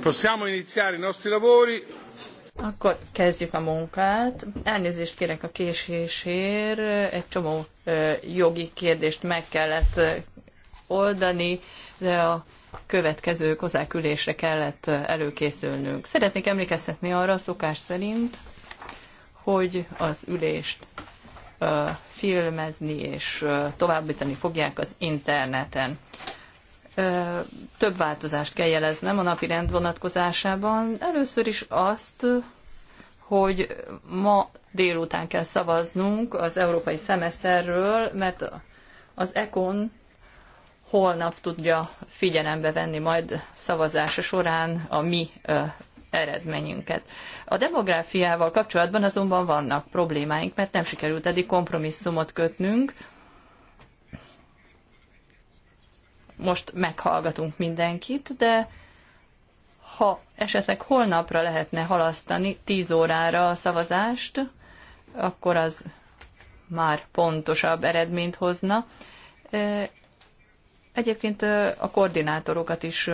Possiamo iniziare i nostri lavori. Akkor kezdjük a munkát. Elnézést kérek a késésért. Egy csomó jogi kérdést meg kellett oldani, de a következő kozákülésre kellett előkészülnünk. Szeretnék emlékeztetni arra szokás szerint, hogy az ülést filmezni és továbbítani fogják az interneten több változást kell jeleznem a napi rend vonatkozásában. Először is azt, hogy ma délután kell szavaznunk az európai szemeszterről, mert az ECON holnap tudja figyelembe venni majd szavazása során a mi eredményünket. A demográfiával kapcsolatban azonban vannak problémáink, mert nem sikerült eddig kompromisszumot kötnünk, most meghallgatunk mindenkit, de ha esetleg holnapra lehetne halasztani 10 órára a szavazást, akkor az már pontosabb eredményt hozna. Egyébként a koordinátorokat is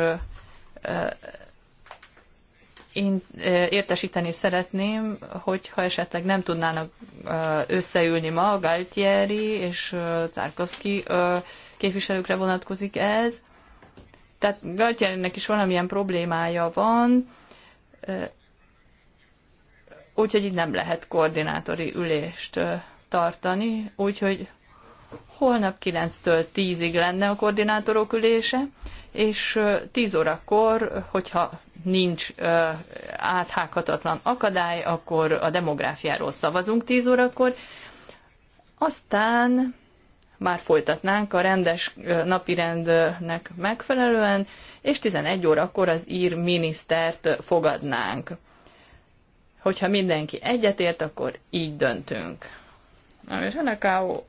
én értesíteni szeretném, hogyha esetleg nem tudnának összeülni ma Galtieri és Czárkovszki képviselőkre vonatkozik ez. Tehát Galtjerinnek is valamilyen problémája van, úgyhogy így nem lehet koordinátori ülést tartani, úgyhogy holnap 9-től 10-ig lenne a koordinátorok ülése, és 10 órakor, hogyha nincs áthághatatlan akadály, akkor a demográfiáról szavazunk 10 órakor, aztán már folytatnánk a rendes napirendnek megfelelően, és 11 órakor az ír minisztert fogadnánk. Hogyha mindenki egyetért, akkor így döntünk. Na, és ennek a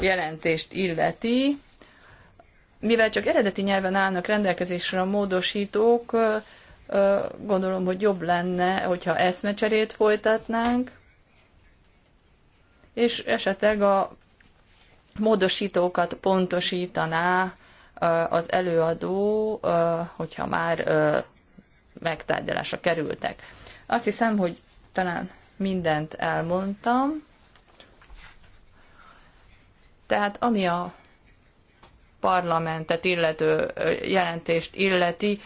jelentést illeti, mivel csak eredeti nyelven állnak rendelkezésre a módosítók, gondolom, hogy jobb lenne, hogyha eszmecserét folytatnánk, és esetleg a módosítókat pontosítaná az előadó, hogyha már megtárgyalásra kerültek. Azt hiszem, hogy talán mindent elmondtam. Tehát ami a parlamentet illető jelentést illeti,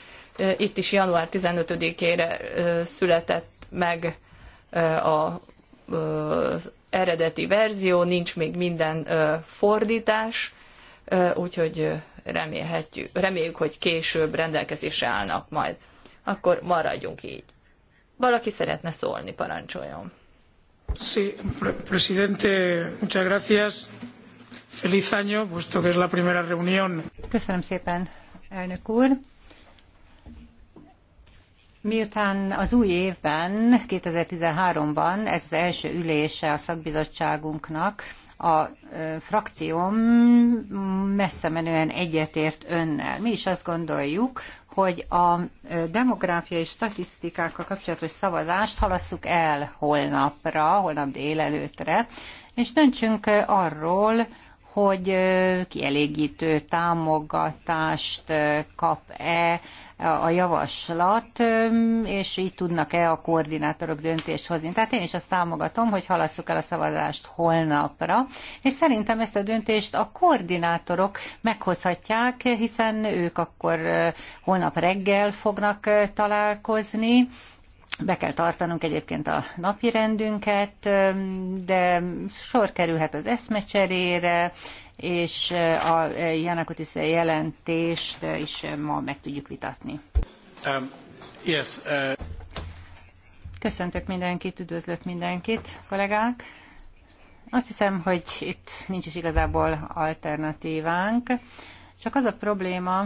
itt is január 15-ére született meg a, eredeti verzió, nincs még minden fordítás, úgyhogy remélhetjük, reméljük, hogy később rendelkezésre állnak majd. Akkor maradjunk így. Valaki szeretne szólni, parancsoljon. Sí, presidente, muchas gracias. Feliz año, puesto que es la primera reunión. Köszönöm szépen, elnök úr. Miután az új évben, 2013-ban ez az első ülése a szakbizottságunknak, a frakcióm messze menően egyetért önnel. Mi is azt gondoljuk, hogy a demográfiai statisztikákkal kapcsolatos szavazást halasszuk el holnapra, holnap délelőtre, és döntsünk arról, hogy kielégítő támogatást kap-e a javaslat, és így tudnak-e a koordinátorok döntést hozni. Tehát én is azt támogatom, hogy halasszuk el a szavazást holnapra, és szerintem ezt a döntést a koordinátorok meghozhatják, hiszen ők akkor holnap reggel fognak találkozni, be kell tartanunk egyébként a napi rendünket, de sor kerülhet az eszmecserére, és a Janakotis jelentést is ma meg tudjuk vitatni. Um, yes, uh... Köszöntök mindenkit, üdvözlök mindenkit, kollégák. Azt hiszem, hogy itt nincs is igazából alternatívánk. Csak az a probléma,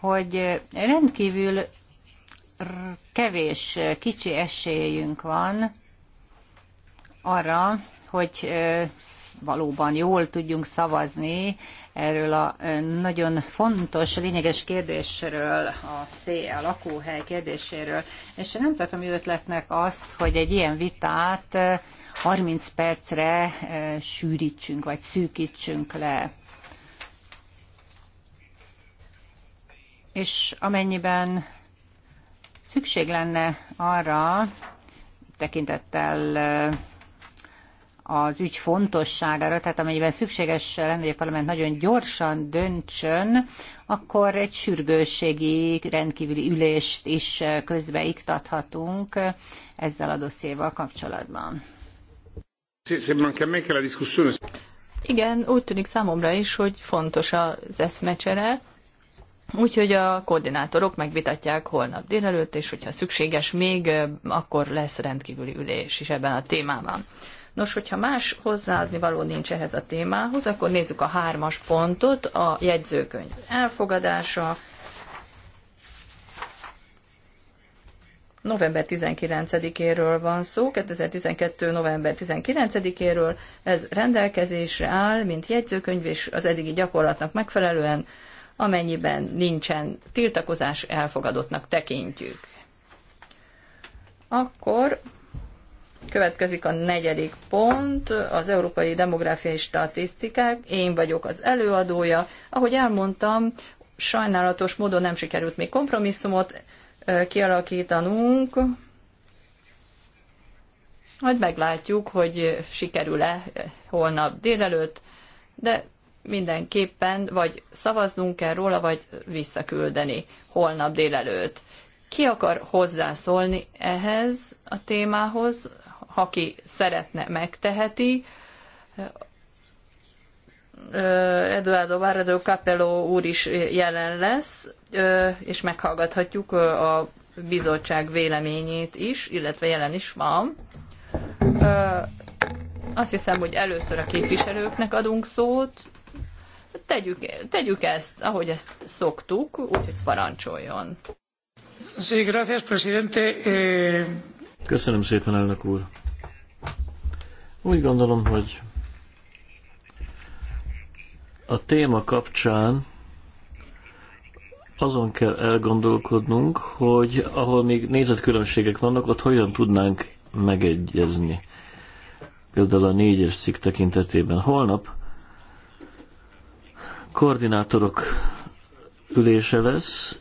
hogy rendkívül kevés, kicsi esélyünk van arra, hogy valóban jól tudjunk szavazni erről a nagyon fontos, lényeges kérdésről, a, szél, a lakóhely kérdéséről. És nem tartom jó ötletnek azt, hogy egy ilyen vitát 30 percre sűrítsünk, vagy szűkítsünk le. És amennyiben szükség lenne arra, tekintettel az ügy fontosságára, tehát amennyiben szükséges lenne, hogy a parlament nagyon gyorsan döntsön, akkor egy sürgősségi rendkívüli ülést is közbeiktathatunk ezzel a dossziéval kapcsolatban. Igen, úgy tűnik számomra is, hogy fontos az eszmecsere, úgyhogy a koordinátorok megvitatják holnap délelőtt, és hogyha szükséges még, akkor lesz rendkívüli ülés is ebben a témában. Nos, hogyha más hozzáadni való nincs ehhez a témához, akkor nézzük a hármas pontot, a jegyzőkönyv elfogadása. November 19-éről van szó, 2012. november 19-éről. Ez rendelkezésre áll, mint jegyzőkönyv, és az eddigi gyakorlatnak megfelelően, amennyiben nincsen tiltakozás, elfogadottnak tekintjük. Akkor Következik a negyedik pont, az európai demográfiai statisztikák. Én vagyok az előadója. Ahogy elmondtam, sajnálatos módon nem sikerült még kompromisszumot kialakítanunk. Majd meglátjuk, hogy sikerül-e holnap délelőtt, de mindenképpen vagy szavaznunk kell róla, vagy visszaküldeni holnap délelőtt. Ki akar hozzászólni ehhez a témához, ha ki szeretne, megteheti. Eduardo Barredo Capello úr is jelen lesz, és meghallgathatjuk a bizottság véleményét is, illetve jelen is van. Azt hiszem, hogy először a képviselőknek adunk szót. Tegyük, tegyük ezt, ahogy ezt szoktuk, úgyhogy parancsoljon. Sí, gracias, presidente. Eh, Köszönöm szépen, elnök úr. Úgy gondolom, hogy a téma kapcsán azon kell elgondolkodnunk, hogy ahol még nézetkülönbségek vannak, ott hogyan tudnánk megegyezni. Például a négyes szik tekintetében. Holnap koordinátorok ülése lesz,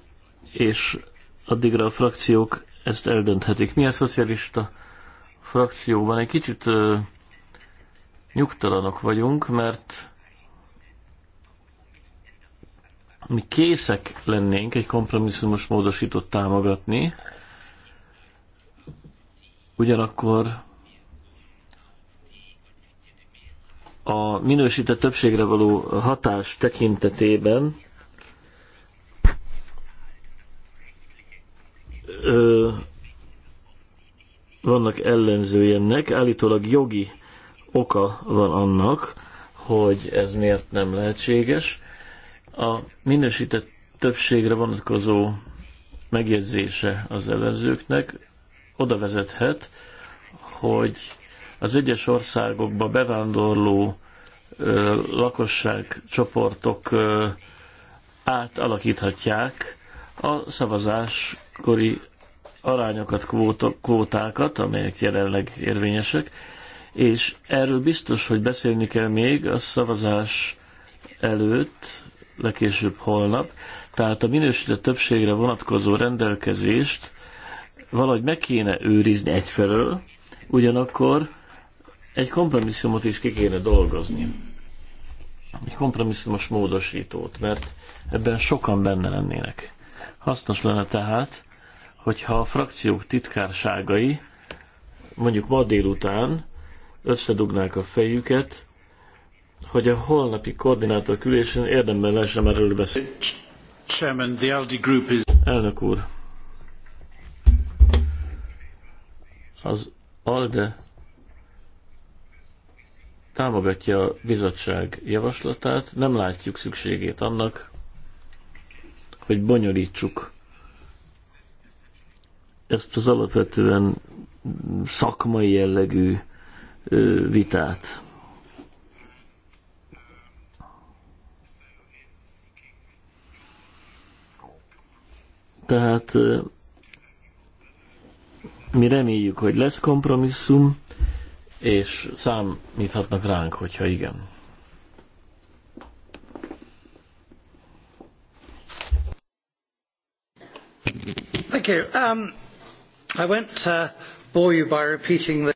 és addigra a frakciók ezt eldönthetik. Mi a szocialista frakcióban egy kicsit nyugtalanok vagyunk, mert mi készek lennénk egy kompromisszumos módosítót támogatni, ugyanakkor a minősített többségre való hatás tekintetében ö, vannak ellenzői ennek, állítólag jogi oka van annak, hogy ez miért nem lehetséges. A minősített többségre vonatkozó megjegyzése az ellenzőknek oda vezethet, hogy az egyes országokba bevándorló ö, csoportok ö, átalakíthatják a szavazáskori arányokat, kvóta, kvótákat, amelyek jelenleg érvényesek, és erről biztos, hogy beszélni kell még a szavazás előtt, legkésőbb holnap, tehát a minősített többségre vonatkozó rendelkezést valahogy meg kéne őrizni egyfelől, ugyanakkor egy kompromisszumot is ki kéne dolgozni. Egy kompromisszumos módosítót, mert ebben sokan benne lennének. Hasznos lenne tehát, hogyha a frakciók titkárságai mondjuk ma délután összedugnák a fejüket, hogy a holnapi koordinátor külésen érdemben lesz már erről beszélni. is... Elnök úr, az ALDE támogatja a bizottság javaslatát, nem látjuk szükségét annak, hogy bonyolítsuk ezt az alapvetően szakmai jellegű vitát. Tehát mi reméljük, hogy lesz kompromisszum, és számíthatnak ránk, hogyha igen. Thank you. Um, I won't uh, bore you by repeating the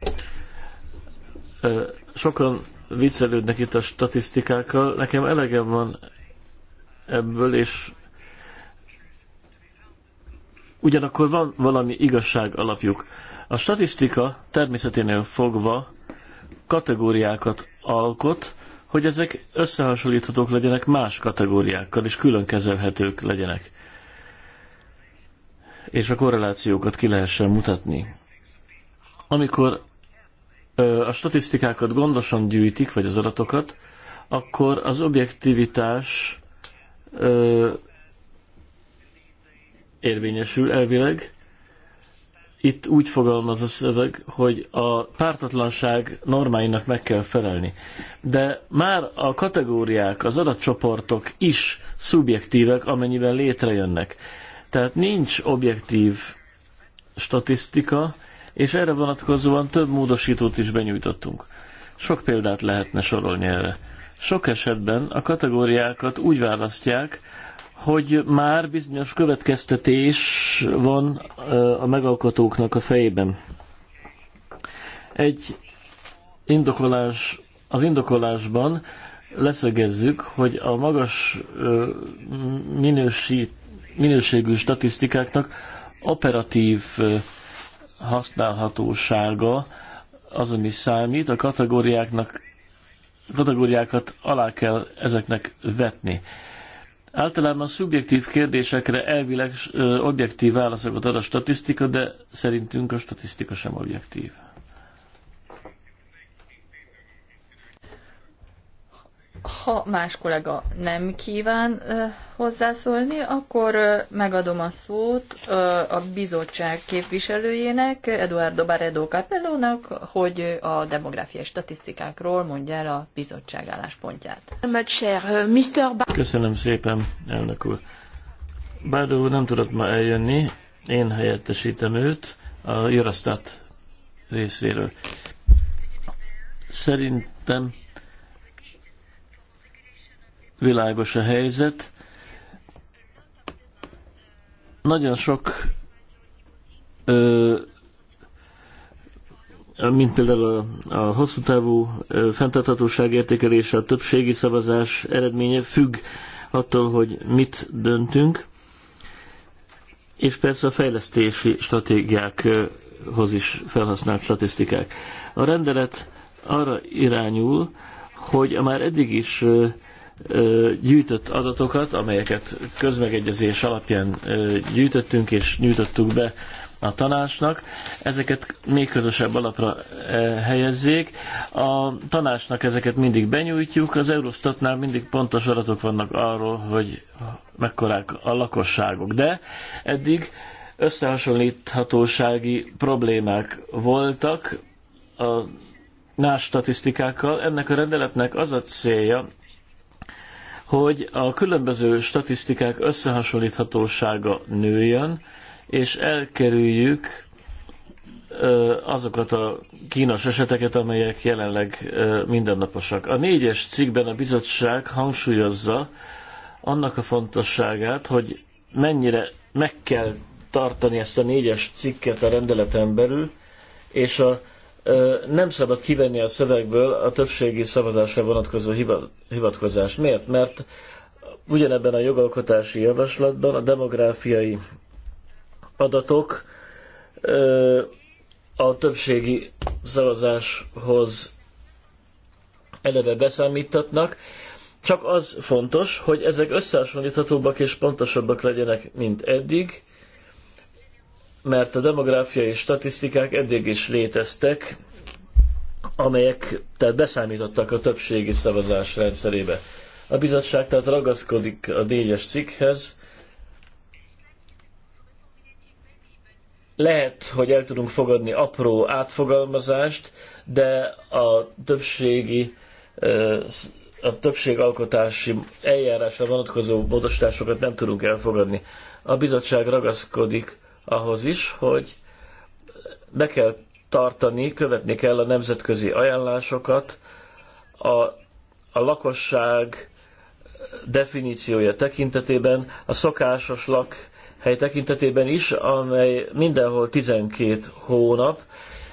sokan viccelődnek itt a statisztikákkal, nekem elegem van ebből, és ugyanakkor van valami igazság alapjuk. A statisztika természeténél fogva kategóriákat alkot, hogy ezek összehasonlíthatók legyenek más kategóriákkal, és külön kezelhetők legyenek. És a korrelációkat ki lehessen mutatni. Amikor a statisztikákat gondosan gyűjtik, vagy az adatokat, akkor az objektivitás ö, érvényesül elvileg. Itt úgy fogalmaz a szöveg, hogy a pártatlanság normáinak meg kell felelni. De már a kategóriák, az adatcsoportok is szubjektívek, amennyiben létrejönnek. Tehát nincs objektív statisztika, és erre vonatkozóan több módosítót is benyújtottunk. Sok példát lehetne sorolni erre. Sok esetben a kategóriákat úgy választják, hogy már bizonyos következtetés van a megalkotóknak a fejében. Egy indokolás, az indokolásban leszögezzük, hogy a magas minősít, minőségű statisztikáknak operatív használhatósága azon is számít, a kategóriáknak, kategóriákat alá kell ezeknek vetni. Általában szubjektív kérdésekre elvileg ö, objektív válaszokat ad a statisztika, de szerintünk a statisztika sem objektív. Ha más kollega nem kíván hozzászólni, akkor megadom a szót a bizottság képviselőjének, Eduardo Baredo Capellónak, hogy a demográfiai statisztikákról mondja el a bizottság álláspontját. Uh, Köszönöm szépen, elnök úr. Barredo nem tudott ma eljönni, én helyettesítem őt a Jurastat részéről. Szerintem világos a helyzet. Nagyon sok, mint például a, a hosszú távú fenntarthatóság értékelése, a többségi szavazás eredménye függ attól, hogy mit döntünk, és persze a fejlesztési stratégiákhoz is felhasznált statisztikák. A rendelet arra irányul, hogy a már eddig is gyűjtött adatokat, amelyeket közmegegyezés alapján gyűjtöttünk és nyújtottuk be a tanácsnak, ezeket még közösebb alapra helyezzék. A tanácsnak ezeket mindig benyújtjuk, az Eurostatnál mindig pontos adatok vannak arról, hogy mekkorák a lakosságok, de eddig összehasonlíthatósági problémák voltak a más statisztikákkal. Ennek a rendeletnek az a célja, hogy a különböző statisztikák összehasonlíthatósága nőjön, és elkerüljük azokat a kínos eseteket, amelyek jelenleg mindennaposak. A négyes cikkben a bizottság hangsúlyozza annak a fontosságát, hogy mennyire meg kell tartani ezt a négyes cikket a rendeleten belül, és a nem szabad kivenni a szövegből a többségi szavazásra vonatkozó hivatkozást. Miért? Mert ugyanebben a jogalkotási javaslatban a demográfiai adatok a többségi szavazáshoz eleve beszámítatnak, csak az fontos, hogy ezek összehasonlíthatóbbak és pontosabbak legyenek, mint eddig, mert a demográfiai statisztikák eddig is léteztek, amelyek tehát beszámítottak a többségi szavazás rendszerébe. A bizottság tehát ragaszkodik a négyes cikkhez. Lehet, hogy el tudunk fogadni apró átfogalmazást, de a többségi a többségalkotási eljárásra vonatkozó módosításokat nem tudunk elfogadni. A bizottság ragaszkodik ahhoz is, hogy be kell tartani, követni kell a nemzetközi ajánlásokat, a, a lakosság definíciója tekintetében, a szokásos lakhely tekintetében is, amely mindenhol 12 hónap.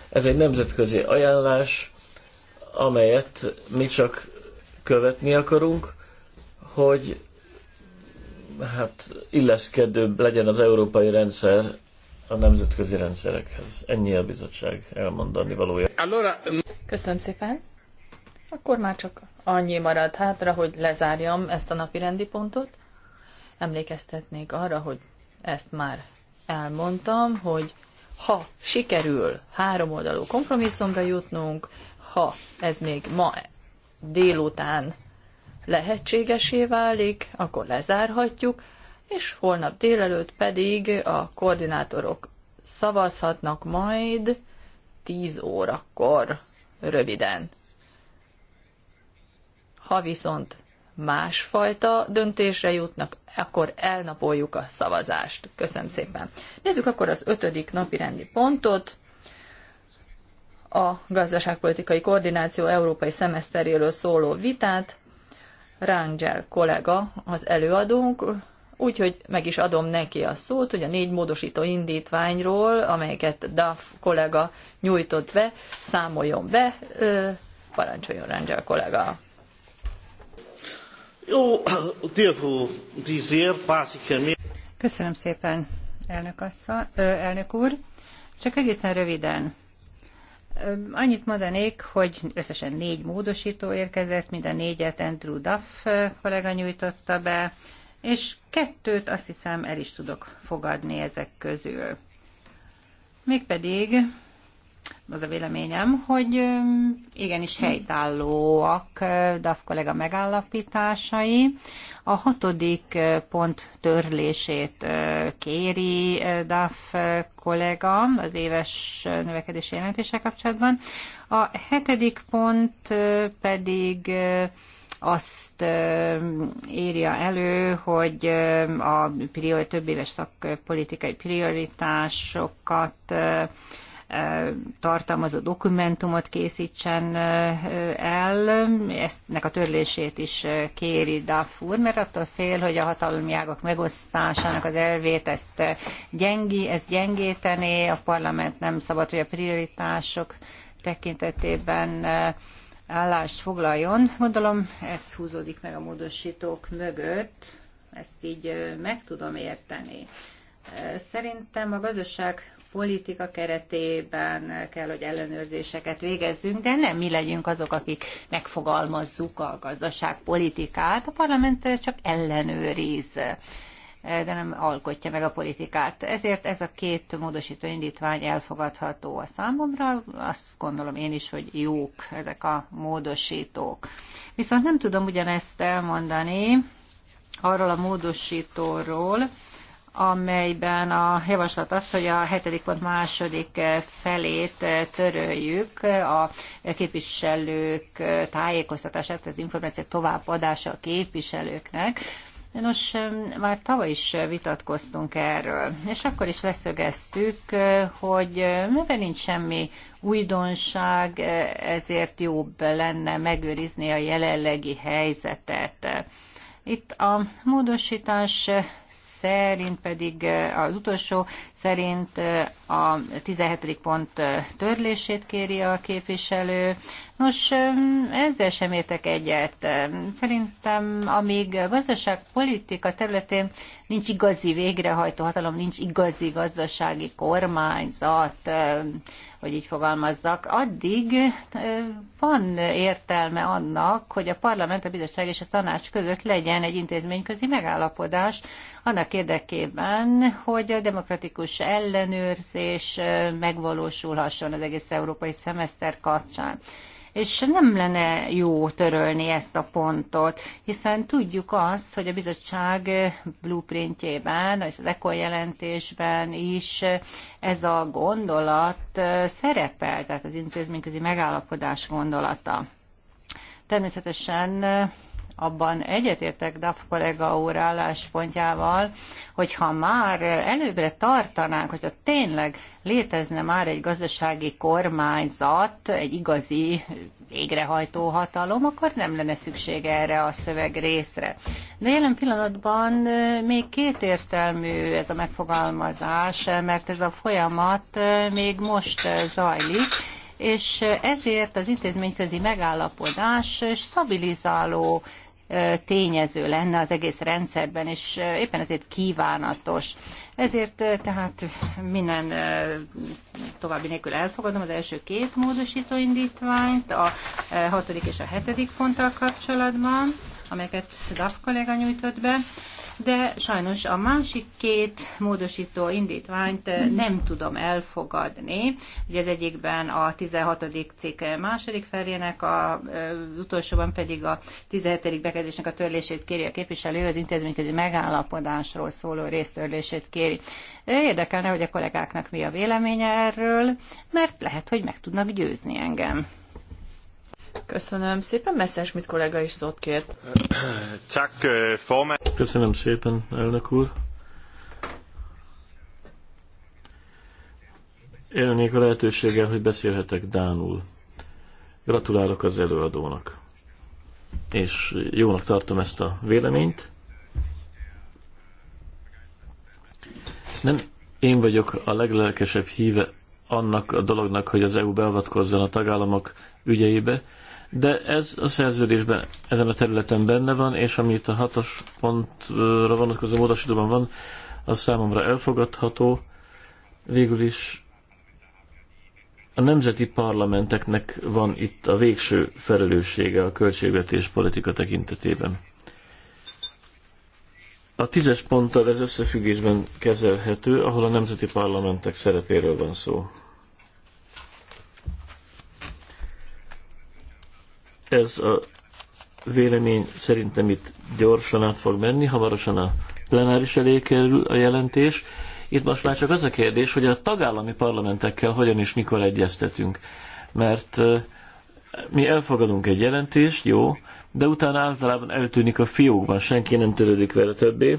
Ez egy nemzetközi ajánlás, amelyet mi csak követni akarunk, hogy hát illeszkedőbb legyen az európai rendszer a nemzetközi rendszerekhez. Ennyi a bizottság elmondani valója. Köszönöm szépen. Akkor már csak annyi marad hátra, hogy lezárjam ezt a napi rendi pontot. Emlékeztetnék arra, hogy ezt már elmondtam, hogy ha sikerül három oldalú kompromisszumra jutnunk, ha ez még ma délután lehetségesé válik, akkor lezárhatjuk, és holnap délelőtt pedig a koordinátorok szavazhatnak majd 10 órakor, röviden. Ha viszont másfajta döntésre jutnak, akkor elnapoljuk a szavazást. Köszönöm szépen. Nézzük akkor az ötödik napi rendi pontot. A gazdaságpolitikai koordináció európai szemeszteréről szóló vitát. Rangel kollega az előadónk, úgyhogy meg is adom neki a szót, hogy a négy módosító indítványról, amelyeket Duff kollega nyújtott be, számoljon be, ö, parancsoljon Rangel kollega. Jó, devo dizer, basicamente... Köszönöm szépen, elnök, assza, ö, elnök úr. Csak egészen röviden. Annyit mondanék, hogy összesen négy módosító érkezett, mind a négyet Andrew Duff kollega nyújtotta be, és kettőt azt hiszem el is tudok fogadni ezek közül. Mégpedig az a véleményem, hogy igenis helytállóak DAF kollega megállapításai. A hatodik pont törlését kéri DAF kollega az éves növekedési jelentése kapcsolatban. A hetedik pont pedig azt írja elő, hogy a priori, több éves szakpolitikai prioritásokat tartalmazó dokumentumot készítsen el. Eztnek a törlését is kéri Dafur, mert attól fél, hogy a hatalmi ágak megosztásának az elvét ezt gyengi, ez gyengítené, a parlament nem szabad, hogy a prioritások tekintetében állást foglaljon. Gondolom ez húzódik meg a módosítók mögött, ezt így meg tudom érteni. Szerintem a gazdaság politika keretében kell, hogy ellenőrzéseket végezzünk, de nem mi legyünk azok, akik megfogalmazzuk a gazdaságpolitikát. A parlament csak ellenőriz de nem alkotja meg a politikát. Ezért ez a két módosító indítvány elfogadható a számomra. Azt gondolom én is, hogy jók ezek a módosítók. Viszont nem tudom ugyanezt elmondani arról a módosítóról, amelyben a javaslat az, hogy a hetedik pont második felét töröljük a képviselők tájékoztatását, az információ továbbadása a képviselőknek. Nos, már tavaly is vitatkoztunk erről, és akkor is leszögeztük, eh, hogy eh, mivel nincs semmi újdonság, eh, ezért jobb lenne megőrizni a jelenlegi helyzetet. Itt a módosítás szerint pedig az utolsó szerint a 17. pont törlését kéri a képviselő. Nos, ezzel sem értek egyet. Szerintem, amíg a gazdaságpolitika területén nincs igazi végrehajtó hatalom, nincs igazi gazdasági kormányzat, hogy így fogalmazzak, addig van értelme annak, hogy a parlament, a bizottság és a tanács között legyen egy intézményközi megállapodás annak érdekében, hogy a demokratikus közös ellenőrzés megvalósulhasson az egész európai szemeszter kapcsán és nem lenne jó törölni ezt a pontot, hiszen tudjuk azt, hogy a bizottság blueprintjében, és az ECO jelentésben is ez a gondolat szerepel, tehát az intézményközi megállapodás gondolata. Természetesen abban egyetértek DAF kollega úr álláspontjával, hogyha már előbbre tartanánk, hogyha tényleg létezne már egy gazdasági kormányzat, egy igazi végrehajtó hatalom, akkor nem lenne szükség erre a szöveg részre. De jelen pillanatban még kétértelmű ez a megfogalmazás, mert ez a folyamat még most zajlik, és ezért az intézményközi megállapodás stabilizáló tényező lenne az egész rendszerben, és éppen ezért kívánatos. Ezért tehát minden további nélkül elfogadom az első két módosító indítványt, a hatodik és a hetedik ponttal kapcsolatban, amelyeket DAF kolléga nyújtott be de sajnos a másik két módosító indítványt eh, mhm. nem tudom elfogadni. Ugye az egyikben a 16. cikk második felének, a, az eh, utolsóban pedig a 17. bekezdésnek a törlését kéri a képviselő, az intézményközi megállapodásról szóló résztörlését kéri. Érdekelne, hogy a kollégáknak mi a véleménye erről, mert lehet, hogy meg tudnak győzni engem. Köszönöm szépen, Messzes, mit kollega is szót kért. Csak Köszönöm szépen, elnök úr. Élnék a lehetőséggel, hogy beszélhetek Dánul. Gratulálok az előadónak. És jónak tartom ezt a véleményt. Nem én vagyok a leglelkesebb híve annak a dolognak, hogy az EU beavatkozzon a tagállamok ügyeibe, de ez a szerződésben ezen a területen benne van, és amit a hatos pontra vonatkozó módosítóban van, az számomra elfogadható. Végül is a nemzeti parlamenteknek van itt a végső felelőssége a költségvetés politika tekintetében. A tízes ponttal ez összefüggésben kezelhető, ahol a nemzeti parlamentek szerepéről van szó. Ez a vélemény szerintem itt gyorsan át fog menni, hamarosan a plenáris elé kerül a jelentés. Itt most már csak az a kérdés, hogy a tagállami parlamentekkel hogyan és mikor egyeztetünk. Mert mi elfogadunk egy jelentést, jó, de utána általában eltűnik a fiókban, senki nem törődik vele többé.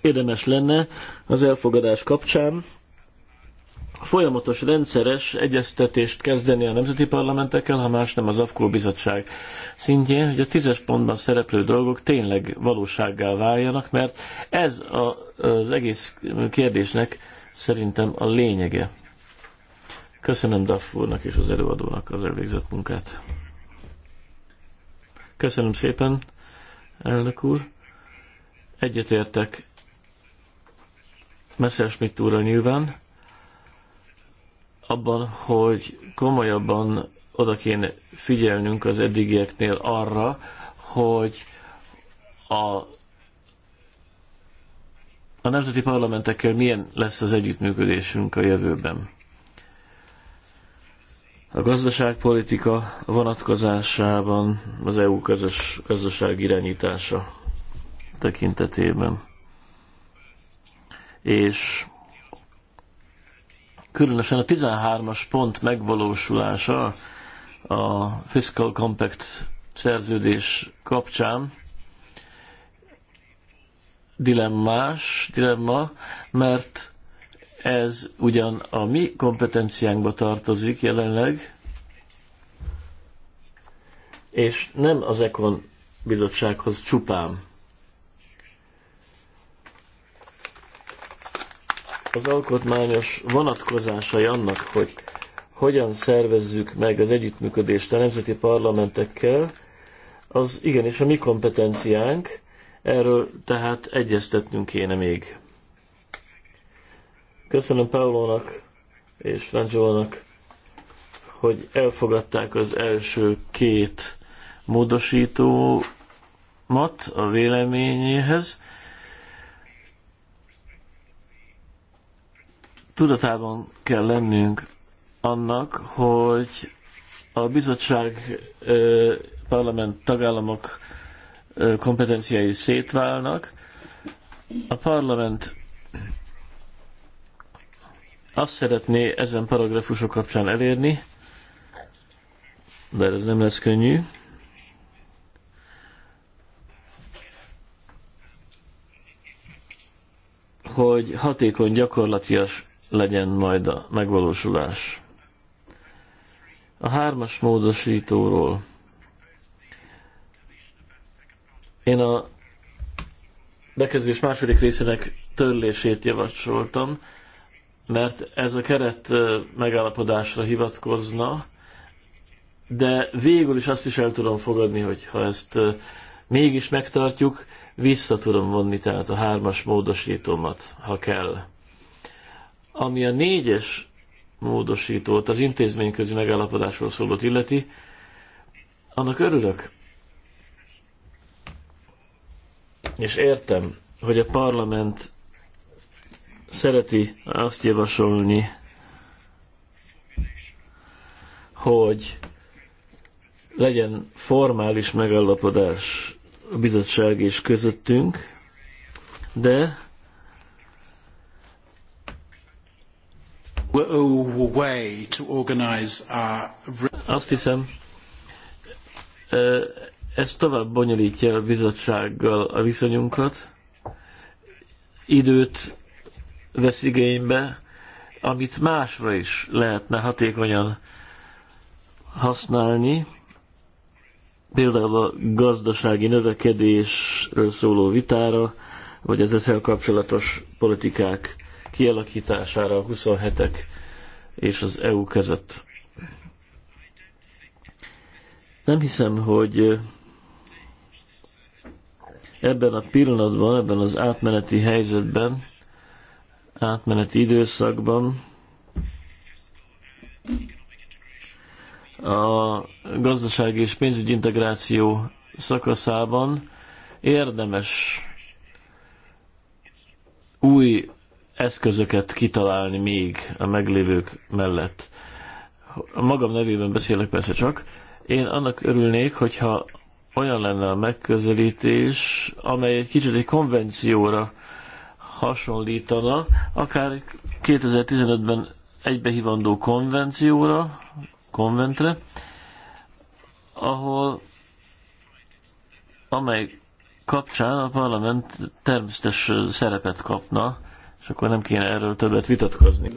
Érdemes lenne az elfogadás kapcsán folyamatos, rendszeres egyeztetést kezdeni a nemzeti parlamentekkel, ha más nem az AFKO bizottság szintjén, hogy a tízes pontban szereplő dolgok tényleg valósággá váljanak, mert ez a, az egész kérdésnek szerintem a lényege. Köszönöm Duff úrnak és az előadónak az elvégzett munkát. Köszönöm szépen, elnök úr. Egyetértek Messerschmitt úrra nyilván, abban, hogy komolyabban oda kéne figyelnünk az eddigieknél arra, hogy a, a nemzeti parlamentekkel milyen lesz az együttműködésünk a jövőben. A gazdaságpolitika vonatkozásában az EU közös gazdaság irányítása tekintetében. És különösen a 13-as pont megvalósulása a Fiscal Compact szerződés kapcsán dilemmás, dilemma, mert ez ugyan a mi kompetenciánkba tartozik jelenleg, és nem az Ekon bizottsághoz csupán. az alkotmányos vonatkozásai annak, hogy hogyan szervezzük meg az együttműködést a nemzeti parlamentekkel, az igenis a mi kompetenciánk, erről tehát egyeztetnünk kéne még. Köszönöm Paulónak és Franzsónak, hogy elfogadták az első két módosítómat a véleményéhez. Tudatában kell lennünk annak, hogy a bizottság, parlament, tagállamok kompetenciái szétválnak. A parlament azt szeretné ezen paragrafusok kapcsán elérni, de ez nem lesz könnyű. hogy hatékony, gyakorlatias legyen majd a megvalósulás. A hármas módosítóról. Én a bekezdés második részének törlését javasoltam, mert ez a keret megállapodásra hivatkozna, de végül is azt is el tudom fogadni, hogy ha ezt mégis megtartjuk, vissza tudom vonni tehát a hármas módosítómat, ha kell. Ami a négyes módosítót, az intézményközi megállapodásról szólott illeti, annak örülök. És értem, hogy a parlament szereti azt javasolni, hogy legyen formális megállapodás a bizottság és közöttünk, de Azt hiszem, ez tovább bonyolítja a bizottsággal a viszonyunkat, időt vesz igénybe, amit másra is lehetne hatékonyan használni, például a gazdasági növekedésről szóló vitára, vagy az ezzel kapcsolatos politikák kialakítására a 27-ek és az EU között. Nem hiszem, hogy ebben a pillanatban, ebben az átmeneti helyzetben, átmeneti időszakban a gazdasági és pénzügyi integráció szakaszában érdemes új eszközöket kitalálni még a meglévők mellett. A magam nevében beszélek persze csak. Én annak örülnék, hogyha olyan lenne a megközelítés, amely egy kicsit egy konvencióra hasonlítana, akár 2015-ben egybehívandó konvencióra, konventre, ahol amely kapcsán a parlament természetes szerepet kapna, és akkor nem kéne erről többet vitatkozni.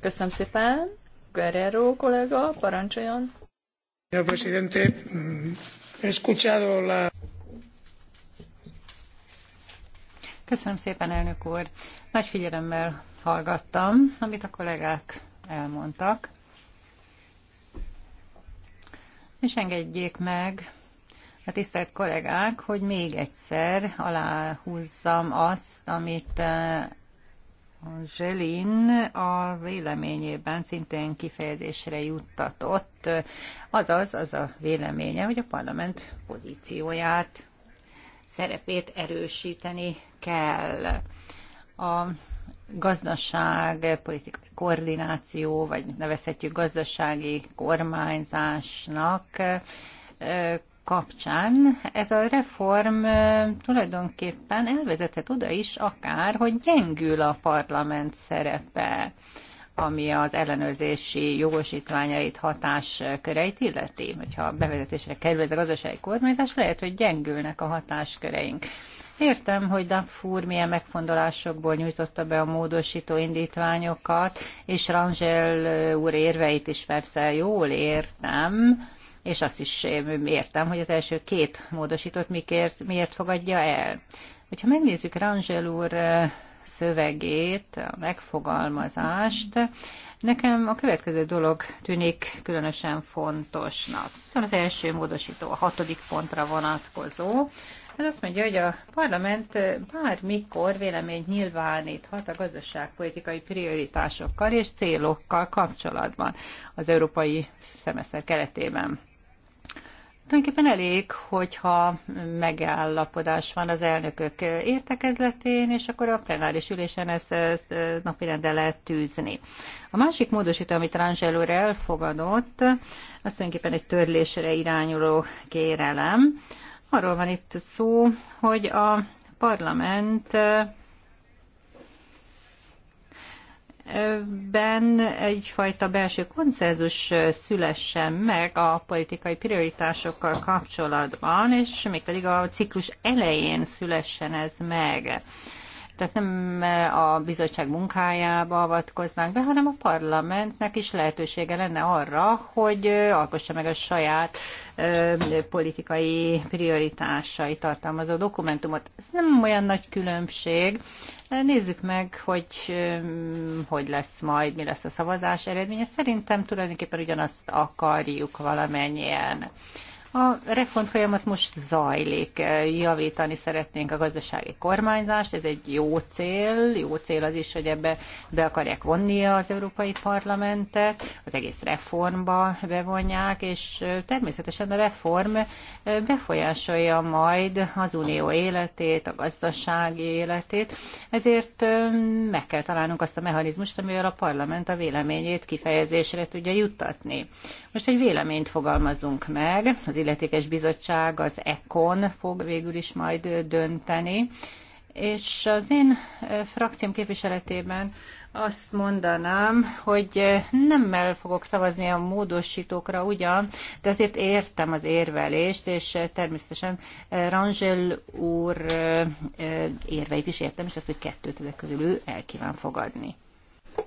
Köszönöm szépen. Guerrero kollega, parancsoljon. Señor presidente, he escuchado la... Köszönöm szépen, elnök úr. Nagy figyelemmel hallgattam, amit a kollégák elmondtak. És engedjék meg, a hát tisztelt kollégák, hogy még egyszer aláhúzzam azt, amit Zselin eh, a véleményében szintén kifejezésre juttatott, azaz az a véleménye, hogy a parlament pozícióját, szerepét erősíteni kell. A gazdaság, politikai koordináció, vagy nevezhetjük gazdasági kormányzásnak eh, kapcsán ez a reform tulajdonképpen elvezethet oda is akár, hogy gyengül a parlament szerepe, ami az ellenőrzési jogosítványait hatásköreit illeti. Hogyha a bevezetésre kerül ez a gazdasági kormányzás, lehet, hogy gyengülnek a hatásköreink. Értem, hogy Dafur milyen megfondolásokból nyújtotta be a módosító indítványokat, és Rangel úr érveit is persze jól értem, és azt is eh, értem, hogy az első két módosított mikért, miért fogadja el. Hogyha megnézzük Rangel úr eh, szövegét, a megfogalmazást, nekem a következő dolog tűnik különösen fontosnak. Az első módosító, a hatodik pontra vonatkozó, ez azt mondja, hogy a parlament eh, bármikor véleményt nyilváníthat a gazdaságpolitikai prioritásokkal és célokkal kapcsolatban az európai szemeszter keretében. Tulajdonképpen elég, hogyha megállapodás van az elnökök értekezletén, és akkor a plenáris ülésen ezt, ezt napirendre lehet tűzni. A másik módosító, amit Rangel úr elfogadott, az tulajdonképpen egy törlésre irányuló kérelem. Arról van itt szó, hogy a parlament ben egyfajta belső konszenzus szülessen meg a politikai prioritásokkal kapcsolatban, és mégpedig a ciklus elején szülessen ez meg. Tehát nem eh, a bizottság munkájába avatkoznánk be, hanem a parlamentnek is lehetősége lenne arra, hogy eh, alkossa meg a saját eh, politikai prioritásai tartalmazó dokumentumot. Ez nem olyan nagy különbség. Nézzük meg, hogy hogy lesz majd, mi lesz a szavazás eredménye. Szerintem tulajdonképpen ugyanazt akarjuk valamennyien. A reform folyamat most zajlik, javítani szeretnénk a gazdasági kormányzást, ez egy jó cél, jó cél az is, hogy ebbe be akarják vonni az Európai Parlamentet, az egész reformba bevonják, és természetesen a reform befolyásolja majd az unió életét, a gazdasági életét, ezért meg kell találnunk azt a mechanizmust, amivel a parlament a véleményét kifejezésre tudja juttatni. Most egy véleményt fogalmazunk meg, az illetékes bizottság, az ECON fog végül is majd dönteni. És az én frakcióm képviseletében azt mondanám, hogy nemmel fogok szavazni a módosítókra ugyan, de azért értem az érvelést, és természetesen Rangel úr érveit is értem, és azt, hogy kettőt ezek közül ő el kíván fogadni.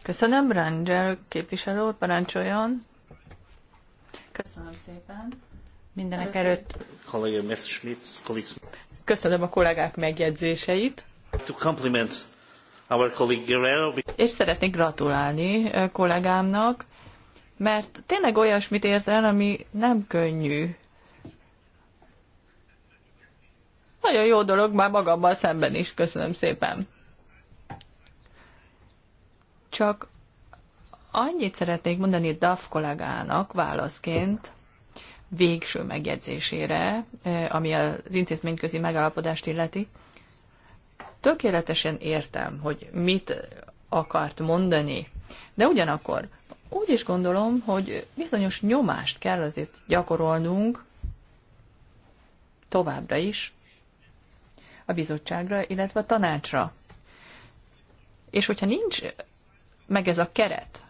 Köszönöm, Rangel képviselő úr, parancsoljon. Köszönöm szépen mindenek előtt. Köszönöm a kollégák megjegyzéseit. To compliment our colleague Guerrero. És szeretnék gratulálni eh, kollégámnak, mert tényleg olyasmit ért el, ami nem könnyű. Nagyon jó dolog már magammal szemben is, köszönöm szépen. Csak annyit szeretnék mondani Duff kollégának válaszként, végső megjegyzésére, ami az intézményközi megállapodást illeti. Tökéletesen értem, hogy mit akart mondani, de ugyanakkor úgy is gondolom, hogy bizonyos nyomást kell azért gyakorolnunk továbbra is a bizottságra, illetve a tanácsra. És hogyha nincs meg ez a keret,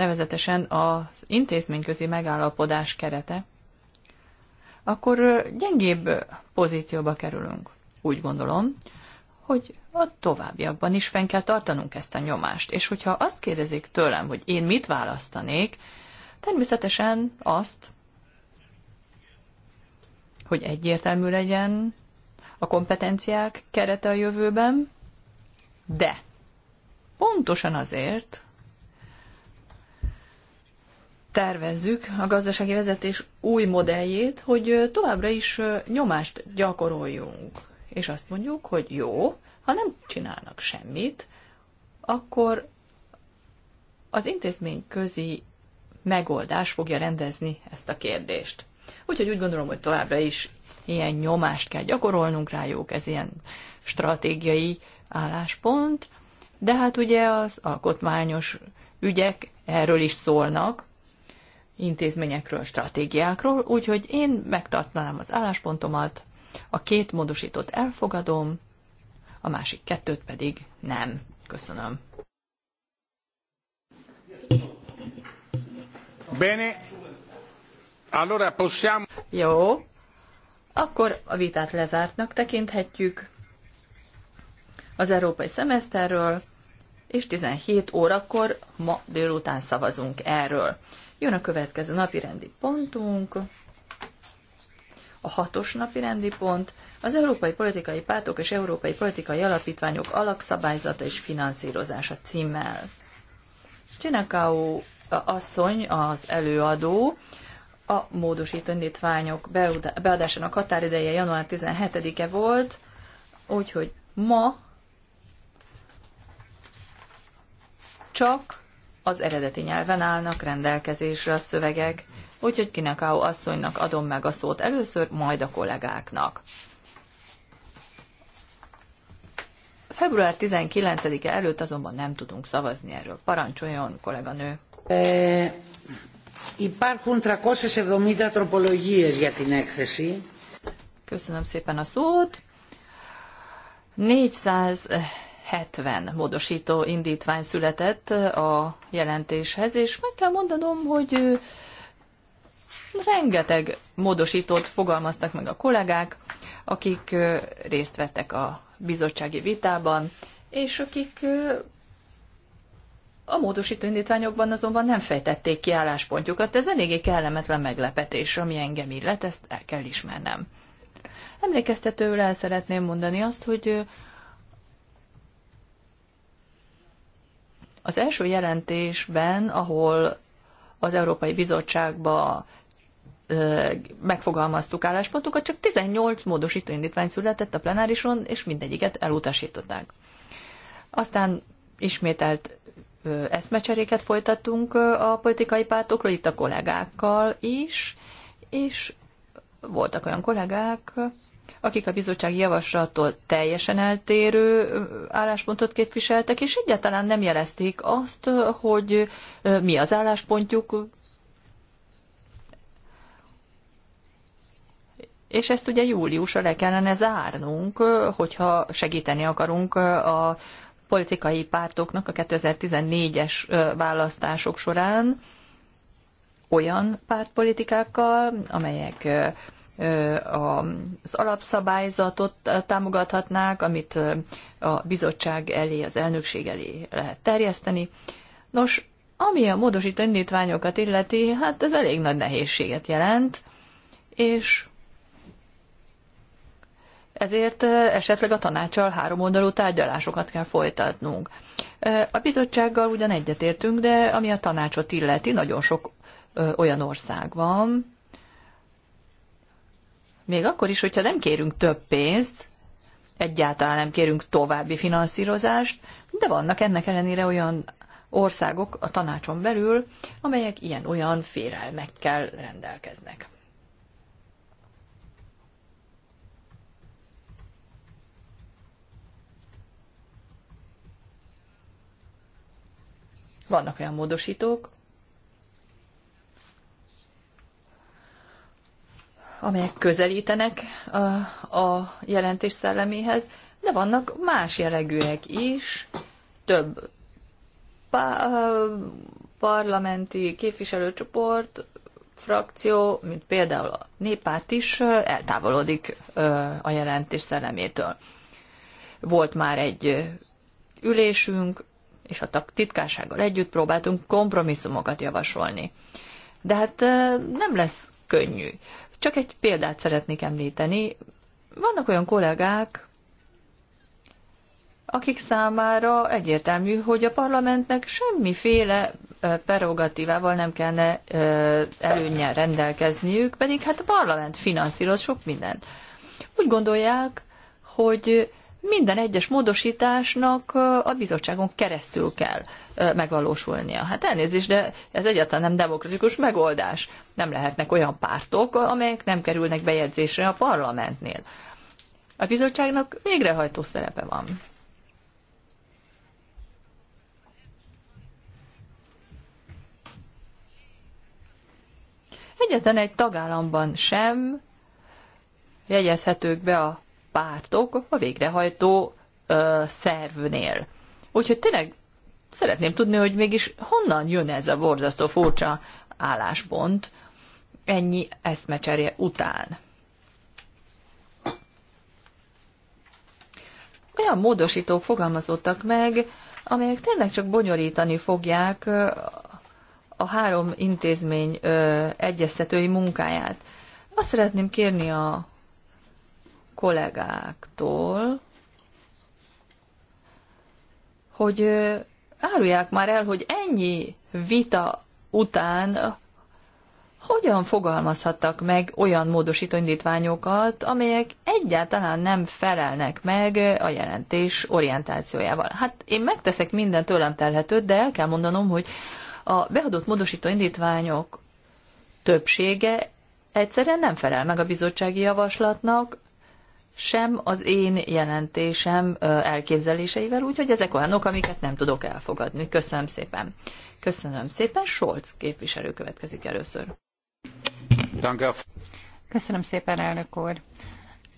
nevezetesen az intézményközi megállapodás kerete, akkor gyengébb pozícióba kerülünk. Úgy gondolom, hogy a továbbiakban is fenn kell tartanunk ezt a nyomást. És hogyha azt kérdezik tőlem, hogy én mit választanék, természetesen azt, hogy egyértelmű legyen a kompetenciák kerete a jövőben, de pontosan azért, tervezzük a gazdasági vezetés új modelljét, hogy továbbra is nyomást gyakoroljunk. És azt mondjuk, hogy jó, ha nem csinálnak semmit, akkor az intézmény közi megoldás fogja rendezni ezt a kérdést. Úgyhogy úgy gondolom, hogy továbbra is ilyen nyomást kell gyakorolnunk rájuk, ez ilyen stratégiai álláspont, de hát ugye az alkotmányos ügyek erről is szólnak, intézményekről, stratégiákról, úgyhogy én megtartanám az álláspontomat, a két módosítót elfogadom, a másik kettőt pedig nem. Köszönöm. Bene. Allora possiamo... Jó. Akkor a vitát lezártnak tekinthetjük az európai szemeszterről, és 17 órakor ma délután szavazunk erről. Jön a következő napi rendi pontunk, a hatos napi rendi pont, az Európai Politikai Pártok és Európai Politikai Alapítványok alakszabályzata és finanszírozása címmel. Csinakáó asszony az előadó, a módosító indítványok beadásának határideje január 17-e volt, úgyhogy ma csak az eredeti nyelven állnak rendelkezésre a szövegek, úgyhogy Kinakao asszonynak adom meg a szót először, majd a kollégáknak. Február 19-e előtt azonban nem tudunk szavazni erről. Parancsoljon, kolléganő! Ε, eh, υπάρχουν 370 τροπολογίες για την έκθεση. Köszönöm szépen a szót. 400 70 módosító indítvány született a jelentéshez, és meg kell mondanom, hogy rengeteg módosítót fogalmaztak meg a kollégák, akik részt vettek a bizottsági vitában, és akik a módosító indítványokban azonban nem fejtették ki álláspontjukat. Ez eléggé kellemetlen meglepetés, ami engem illet, ezt el kell ismernem. Emlékeztetőül el szeretném mondani azt, hogy Az első jelentésben, ahol az Európai Bizottságba megfogalmaztuk álláspontokat, csak 18 módosító indítvány született a plenárison, és mindegyiket elutasították. Aztán ismételt eszmecseréket folytattunk a politikai pártokról, itt a kollégákkal is, és voltak olyan kollégák, akik a bizottság javaslattól teljesen eltérő álláspontot képviseltek, és egyáltalán nem jelezték azt, hogy mi az álláspontjuk, És ezt ugye júliusra le kellene zárnunk, hogyha segíteni akarunk a politikai pártoknak a 2014-es választások során olyan pártpolitikákkal, amelyek az alapszabályzatot támogathatnák, amit a bizottság elé, az elnökség elé lehet terjeszteni. Nos, ami a módosító indítványokat illeti, hát ez elég nagy nehézséget jelent, és ezért esetleg a tanácsal háromoldalú tárgyalásokat kell folytatnunk. A bizottsággal ugyan egyetértünk, de ami a tanácsot illeti, nagyon sok olyan ország van, még akkor is, hogyha nem kérünk több pénzt, egyáltalán nem kérünk további finanszírozást, de vannak ennek ellenére olyan országok a tanácson belül, amelyek ilyen-olyan félelmekkel rendelkeznek. Vannak olyan módosítók, amelyek közelítenek a, a jelentés szelleméhez, de vannak más jellegűek is, több parlamenti képviselőcsoport, frakció, mint például a néppárt is eltávolodik a jelentés szellemétől. Volt már egy ülésünk, és a titkársággal együtt próbáltunk kompromisszumokat javasolni. De hát nem lesz könnyű. Csak egy példát szeretnék említeni. Vannak olyan kollégák, akik számára egyértelmű, hogy a parlamentnek semmiféle prerogatívával nem kellene előnyel rendelkezniük, pedig hát a parlament finanszíroz sok mindent. Úgy gondolják, hogy minden egyes módosításnak a bizottságon keresztül kell megvalósulnia. Hát elnézést, de ez egyáltalán nem demokratikus megoldás. Nem lehetnek olyan pártok, amelyek nem kerülnek bejegyzésre a parlamentnél. A bizottságnak végrehajtó szerepe van. Egyetlen egy tagállamban sem jegyezhetők be a pártok a végrehajtó ö, szervnél. Úgyhogy tényleg szeretném tudni, hogy mégis honnan jön ez a borzasztó furcsa álláspont ennyi eszmecserje után. Olyan módosítók fogalmazottak meg, amelyek tényleg csak bonyolítani fogják a három intézmény egyeztetői munkáját. Azt szeretném kérni a kollégáktól, hogy árulják már el, hogy ennyi vita után hogyan fogalmazhattak meg olyan módosító indítványokat, amelyek egyáltalán nem felelnek meg a jelentés orientációjával. Hát én megteszek minden tőlem telhetőt, de el kell mondanom, hogy a beadott módosító indítványok többsége egyszerűen nem felel meg a bizottsági javaslatnak, sem az én jelentésem elképzeléseivel, úgyhogy ezek olyanok, amiket nem tudok elfogadni. Köszönöm szépen. Köszönöm szépen. Scholz képviselő következik először. Köszönöm szépen, elnök úr.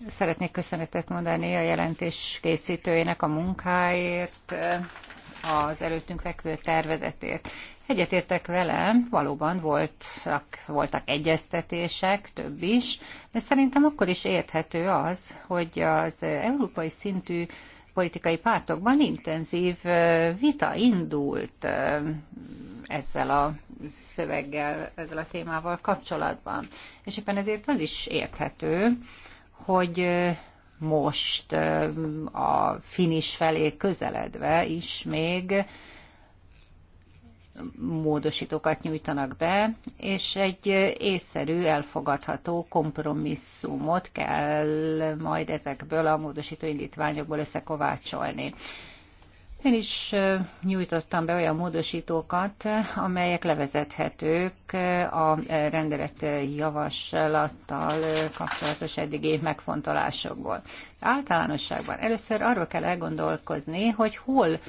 Szeretnék köszönetet mondani a jelentés készítőjének a munkáért, az előttünk fekvő tervezetért. Egyetértek vele, valóban voltak, voltak egyeztetések, több is, de szerintem akkor is érthető az, hogy az európai szintű politikai pártokban intenzív vita indult ezzel a szöveggel, ezzel a témával kapcsolatban. És éppen ezért az is érthető, hogy most a finis felé közeledve is még módosítókat nyújtanak be, és egy észszerű, elfogadható kompromisszumot kell majd ezekből a módosító indítványokból összekovácsolni. Én is nyújtottam be olyan módosítókat, amelyek levezethetők a rendelet javaslattal kapcsolatos eddigi megfontolásokból. Általánosságban először arról kell elgondolkozni, hogy hol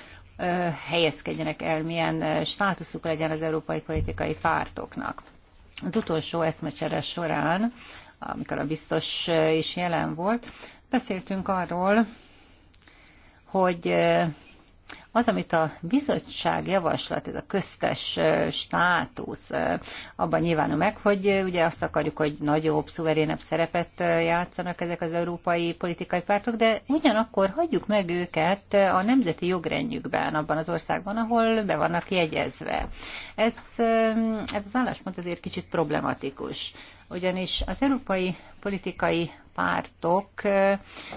helyezkedjenek el, milyen státuszuk legyen az európai politikai pártoknak. Az utolsó eszmecsere során, amikor a biztos is jelen volt, beszéltünk arról, hogy az, amit a bizottság javaslat, ez a köztes státusz, abban nyilvánul meg, hogy ugye azt akarjuk, hogy nagyobb, szuverénebb szerepet játszanak ezek az európai politikai pártok, de ugyanakkor hagyjuk meg őket a nemzeti jogrendjükben, abban az országban, ahol be vannak jegyezve. Ez, ez az álláspont azért kicsit problematikus ugyanis az európai politikai pártok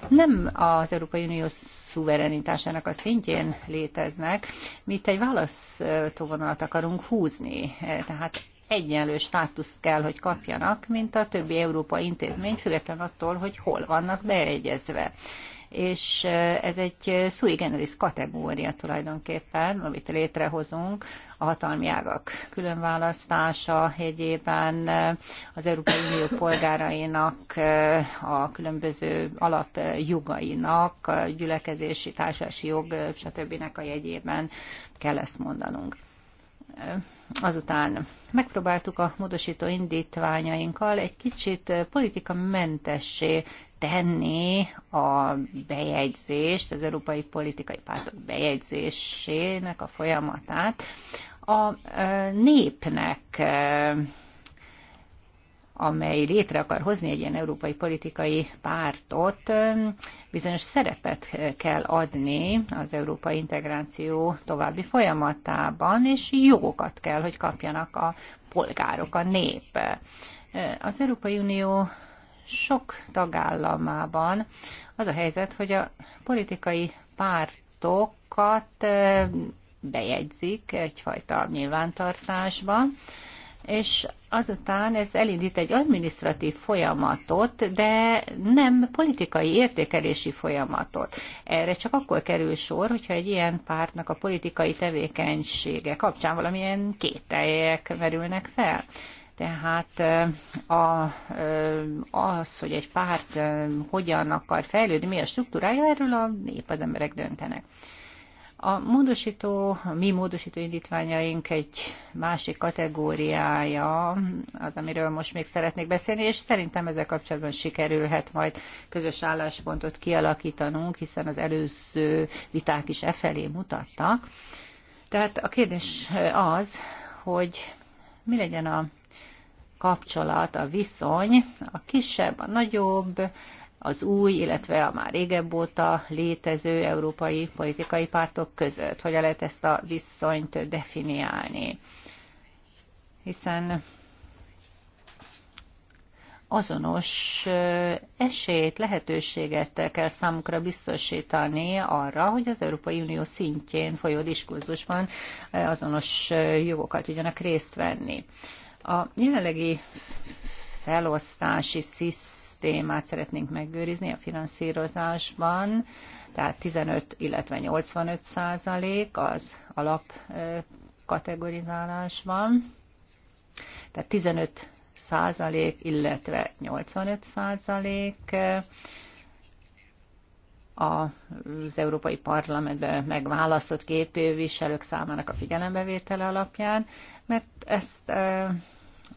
nem az Európai Unió szuverenitásának a szintjén léteznek. Mi itt egy választóvonalat akarunk húzni, tehát egyenlő státuszt kell, hogy kapjanak, mint a többi európai intézmény, független attól, hogy hol vannak beegyezve és ez egy sui generis kategória tulajdonképpen, amit létrehozunk, a hatalmi ágak különválasztása jegyében az Európai Unió polgárainak, a különböző alapjogainak, a gyülekezési, társasi jog, stb. a jegyében kell ezt mondanunk. Azután megpróbáltuk a módosító indítványainkkal egy kicsit politikamentessé tenni a bejegyzést, az európai politikai pártok bejegyzésének a folyamatát a népnek, amely létre akar hozni egy ilyen európai politikai pártot, bizonyos szerepet kell adni az európai integráció további folyamatában, és jogokat kell, hogy kapjanak a polgárok, a nép. Az Európai Unió sok tagállamában az a helyzet, hogy a politikai pártokat bejegyzik egyfajta nyilvántartásba, és azután ez elindít egy administratív folyamatot, de nem politikai értékelési folyamatot. Erre csak akkor kerül sor, hogyha egy ilyen pártnak a politikai tevékenysége kapcsán valamilyen kételjek merülnek fel. Tehát a, az, hogy egy párt hogyan akar fejlődni, mi a struktúrája, erről a nép, az emberek döntenek. A módosító, a mi módosító indítványaink egy másik kategóriája, az, amiről most még szeretnék beszélni, és szerintem ezzel kapcsolatban sikerülhet majd közös álláspontot kialakítanunk, hiszen az előző viták is e felé mutattak. Tehát a kérdés az, hogy mi legyen a kapcsolat, a viszony, a kisebb, a nagyobb, az új, illetve a már régebb óta létező európai politikai pártok között. Hogyan lehet ezt a viszonyt definiálni? Hiszen azonos esélyt, lehetőséget kell számukra biztosítani arra, hogy az Európai Unió szintjén folyó diskurzusban azonos jogokat tudjanak részt venni. A jelenlegi felosztási szisztémát szeretnénk megőrizni a finanszírozásban, tehát 15, illetve 85 százalék az alap van, tehát 15 százalék, illetve 85 százalék az Európai Parlamentben megválasztott képviselők számának a figyelembevétele alapján, mert ezt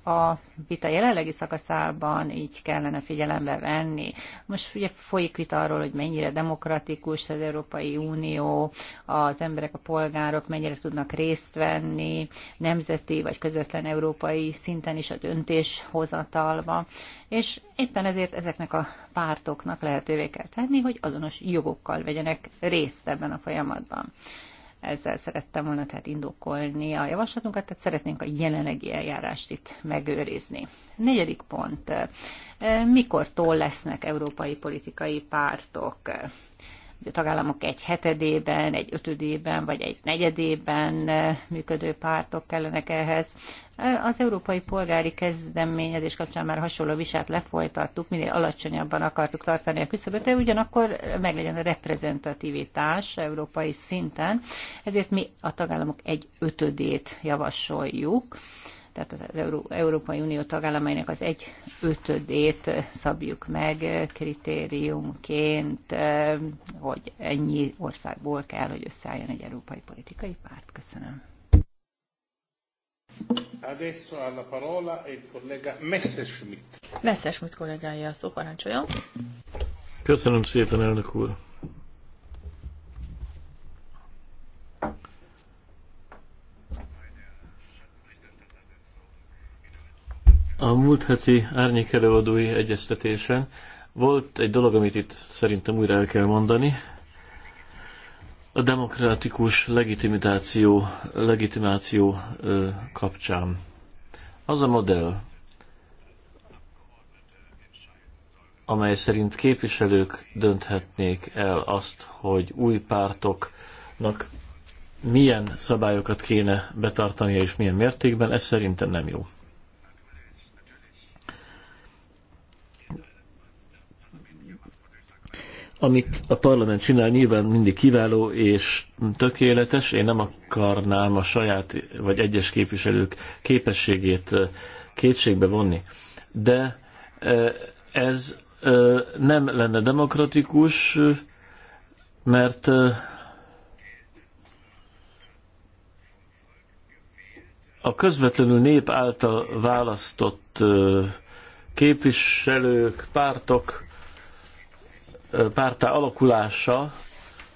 a vita jelenlegi szakaszában így kellene figyelembe venni. Most ugye folyik vita arról, hogy mennyire demokratikus az Európai Unió, az emberek, a polgárok mennyire tudnak részt venni nemzeti vagy közvetlen európai szinten is a döntéshozatalba, és éppen ezért ezeknek a pártoknak lehetővé kell tenni, hogy azonos jogokkal vegyenek részt ebben a folyamatban. Ezzel szerettem volna tehát indokolni a javaslatunkat, tehát szeretnénk a jelenlegi eljárást itt megőrizni. Negyedik pont. Mikortól lesznek európai politikai pártok? a tagállamok egy hetedében, egy ötödében, vagy egy negyedében eh, működő pártok kellenek ehhez. Eh, az európai polgári kezdeményezés kapcsán már hasonló visát lefolytattuk, minél alacsonyabban akartuk tartani a küszöböt, de ugyanakkor meglegyen a reprezentativitás európai szinten, ezért mi a tagállamok egy ötödét javasoljuk tehát az Európai Unió tagállamainak az egy ötödét szabjuk meg kritériumként, hogy ennyi országból kell, hogy összeálljon egy európai politikai párt. Köszönöm. Adesso alla parola il collega Messerschmidt. Messerschmidt kollégája a szó, parancsoljon. Köszönöm szépen, elnök úr. A múlt heti árnyék előadói egyeztetésen volt egy dolog, amit itt szerintem újra el kell mondani. A demokratikus legitimitáció, legitimáció ö, kapcsán. Az a modell, amely szerint képviselők dönthetnék el azt, hogy új pártoknak milyen szabályokat kéne betartania és milyen mértékben, ez szerintem nem jó. amit a parlament csinál, nyilván mindig kiváló és tökéletes. Én nem akarnám a saját vagy egyes képviselők képességét kétségbe vonni. De ez nem lenne demokratikus, mert a közvetlenül nép által választott képviselők, pártok, pártá alakulása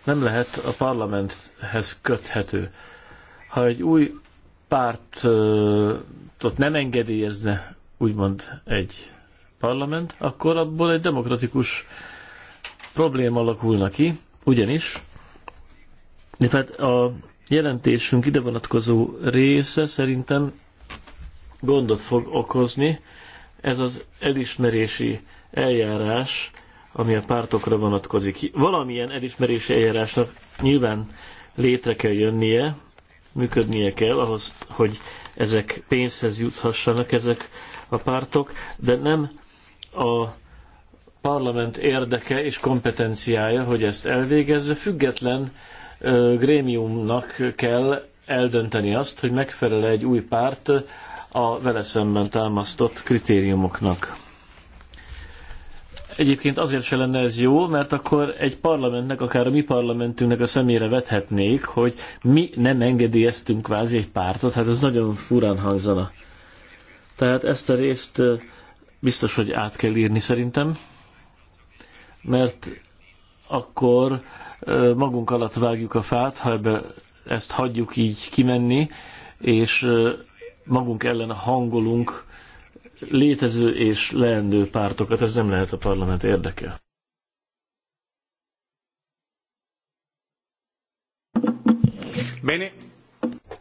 nem lehet a parlamenthez köthető. Ha egy új pártot nem engedélyezne, úgymond egy parlament, akkor abból egy demokratikus probléma alakulna ki, ugyanis tehát a jelentésünk ide vonatkozó része szerintem gondot fog okozni, ez az elismerési eljárás ami a pártokra vonatkozik. Valamilyen elismerési eljárásnak nyilván létre kell jönnie, működnie kell ahhoz, hogy ezek pénzhez juthassanak ezek a pártok, de nem a parlament érdeke és kompetenciája, hogy ezt elvégezze, független ö, grémiumnak kell eldönteni azt, hogy megfelel egy új párt a vele szemben támasztott kritériumoknak. Egyébként azért se lenne ez jó, mert akkor egy parlamentnek, akár a mi parlamentünknek a szemére vethetnék, hogy mi nem engedélyeztünk kvázi egy pártot, hát ez nagyon furán hangzana. Tehát ezt a részt biztos, hogy át kell írni szerintem, mert akkor magunk alatt vágjuk a fát, ha ebbe ezt hagyjuk így kimenni, és magunk ellen hangolunk létező és leendő pártokat, ez nem lehet a parlament érdeke. Bene.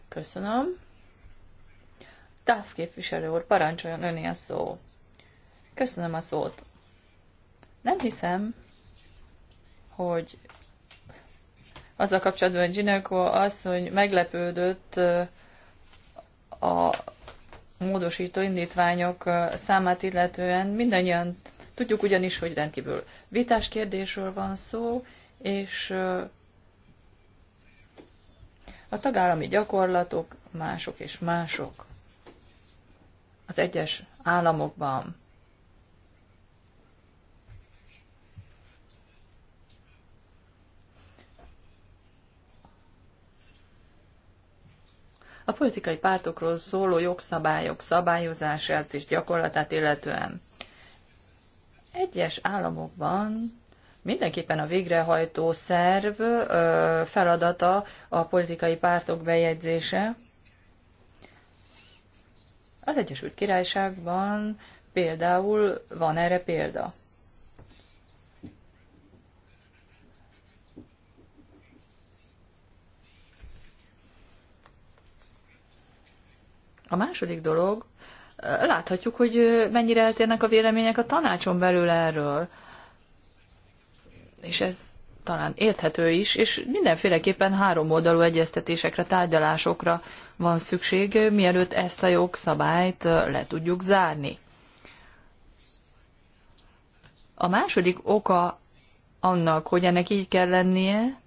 Köszönöm. Táv képviselő úr, parancsoljon öné a szó. Köszönöm a szót. Nem hiszem, hogy azzal kapcsolatban Gineko az, hogy meglepődött a módosító indítványok számát illetően mindannyian tudjuk ugyanis, hogy rendkívül vitás kérdésről van szó, és a tagállami gyakorlatok mások és mások az egyes államokban. politikai pártokról szóló jogszabályok szabályozását és gyakorlatát illetően. Egyes államokban mindenképpen a végrehajtó szerv feladata a politikai pártok bejegyzése. Az Egyesült Királyságban például van erre példa. A második dolog, láthatjuk, hogy mennyire eltérnek a vélemények a tanácson belül erről. És ez talán érthető is, és mindenféleképpen három oldalú egyeztetésekre, tárgyalásokra van szükség, mielőtt ezt a jogszabályt le tudjuk zárni. A második oka annak, hogy ennek így kell lennie,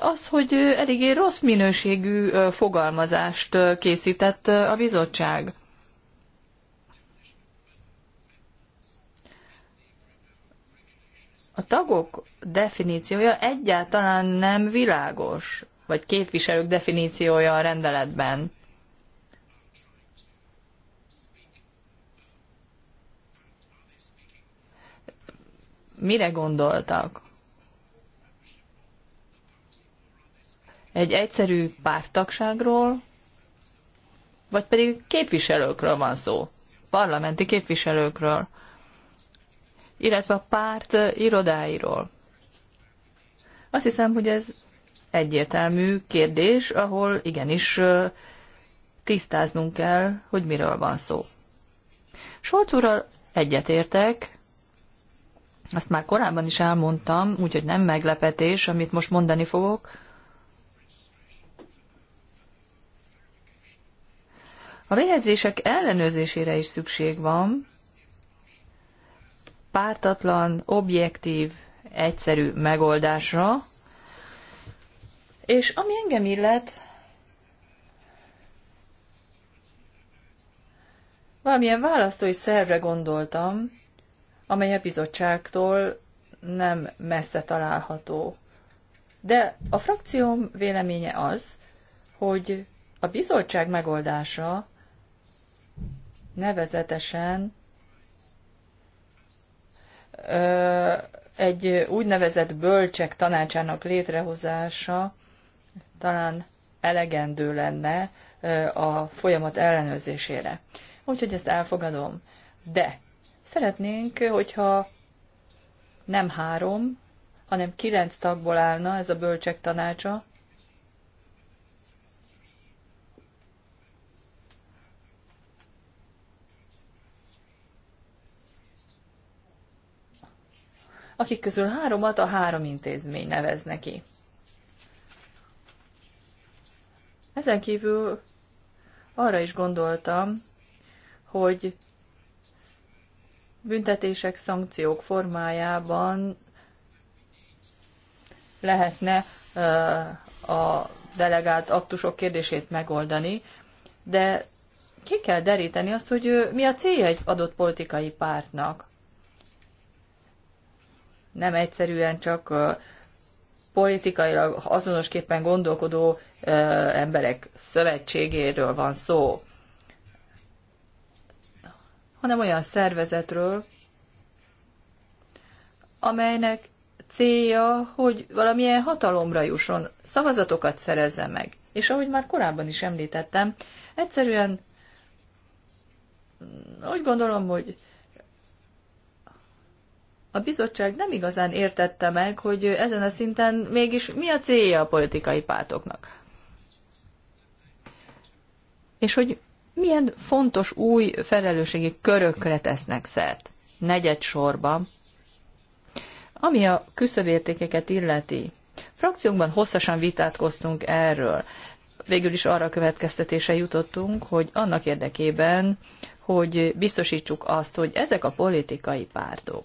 az, hogy eléggé rossz minőségű fogalmazást készített a bizottság. A tagok definíciója egyáltalán nem világos, vagy képviselők definíciója a rendeletben. Mire gondoltak? egy egyszerű pártagságról, vagy pedig képviselőkről van szó, parlamenti képviselőkről, illetve a párt irodáiról. Azt hiszem, hogy ez egyértelmű kérdés, ahol igenis tisztáznunk kell, hogy miről van szó. Solc úrral egyetértek, azt már korábban is elmondtam, úgyhogy nem meglepetés, amit most mondani fogok, A bejegyzések ellenőrzésére is szükség van, pártatlan, objektív, egyszerű megoldásra, és ami engem illet, valamilyen választói szervre gondoltam, amely a bizottságtól nem messze található. De a frakcióm véleménye az, hogy a bizottság megoldása nevezetesen egy úgynevezett bölcsek tanácsának létrehozása talán elegendő lenne a folyamat ellenőrzésére. Úgyhogy ezt elfogadom. De szeretnénk, hogyha nem három, hanem kilenc tagból állna ez a bölcsek tanácsa, akik közül háromat a három intézmény nevez neki. Ezen kívül arra is gondoltam, hogy büntetések, szankciók formájában lehetne a delegált aktusok kérdését megoldani, de ki kell deríteni azt, hogy mi a célja egy adott politikai pártnak nem egyszerűen csak politikailag azonosképpen gondolkodó emberek szövetségéről van szó, hanem olyan szervezetről, amelynek célja, hogy valamilyen hatalomra jusson, szavazatokat szerezze meg. És ahogy már korábban is említettem, egyszerűen mm, úgy gondolom, hogy a bizottság nem igazán értette meg, hogy ezen a szinten mégis mi a célja a politikai pártoknak. És hogy milyen fontos új felelősségi körökre tesznek szert. Negyed sorban. Ami a küszöbértékeket illeti. Frakciónkban hosszasan vitátkoztunk erről. Végül is arra következtetése jutottunk, hogy annak érdekében, hogy biztosítsuk azt, hogy ezek a politikai pártok,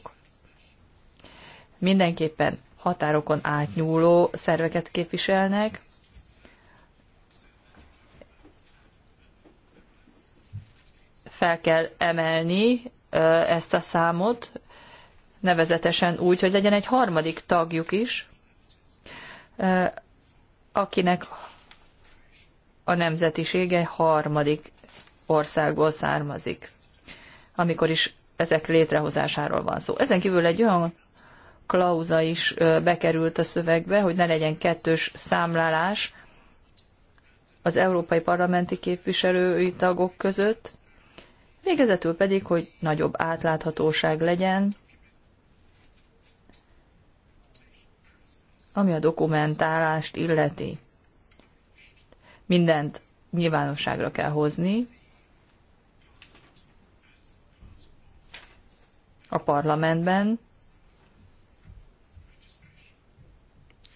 mindenképpen határokon átnyúló szerveket képviselnek, fel kell emelni ezt a számot, nevezetesen úgy, hogy legyen egy harmadik tagjuk is, akinek a nemzetisége harmadik országból származik, amikor is ezek létrehozásáról van szó. Ezen kívül egy olyan klauza is bekerült a szövegbe, hogy ne legyen kettős számlálás az európai parlamenti képviselői tagok között, végezetül pedig, hogy nagyobb átláthatóság legyen, ami a dokumentálást illeti. Mindent nyilvánosságra kell hozni, a parlamentben,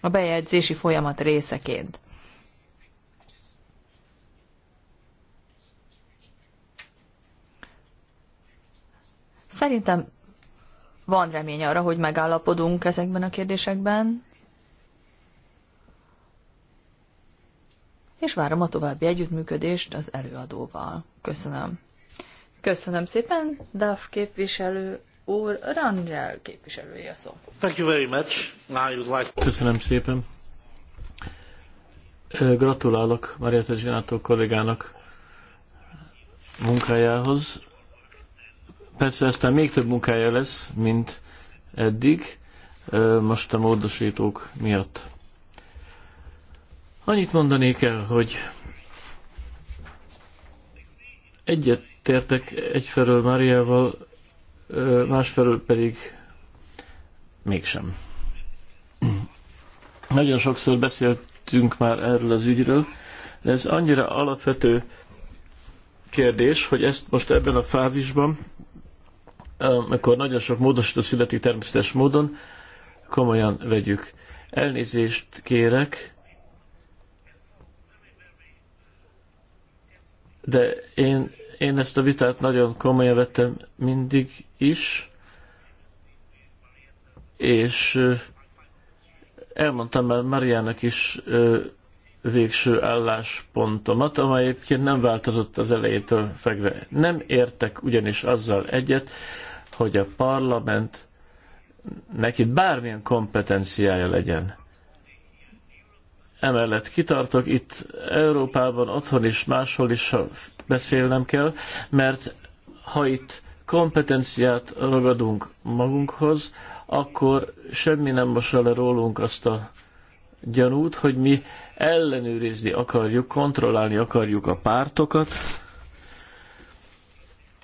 a bejegyzési folyamat részeként. Szerintem van remény arra, hogy megállapodunk ezekben a kérdésekben, és várom a további együttműködést az előadóval. Köszönöm. Köszönöm szépen, DAF képviselő úr, Rangel képviselője szó. Thank you very much. Now you'd like... Köszönöm szépen. Gratulálok Marietta Zsinátó kollégának munkájához. Persze aztán még több munkája lesz, mint eddig, most a módosítók miatt. Annyit mondanék el, hogy egyet tértek egyfelől Máriával, másfelől pedig mégsem. Nagyon sokszor beszéltünk már erről az ügyről, de ez annyira alapvető kérdés, hogy ezt most ebben a fázisban, amikor nagyon sok módosító születik természetes módon, komolyan vegyük. Elnézést kérek, de én én ezt a vitát nagyon komolyan vettem mindig is, és elmondtam már Mariának is végső álláspontomat, amely egyébként nem változott az elejétől fegve. Nem értek ugyanis azzal egyet, hogy a parlament neki bármilyen kompetenciája legyen. Emellett kitartok itt Európában, otthon is, máshol is, ha beszélnem kell, mert ha itt kompetenciát ragadunk magunkhoz, akkor semmi nem mosra le rólunk azt a gyanút, hogy mi ellenőrizni akarjuk, kontrollálni akarjuk a pártokat,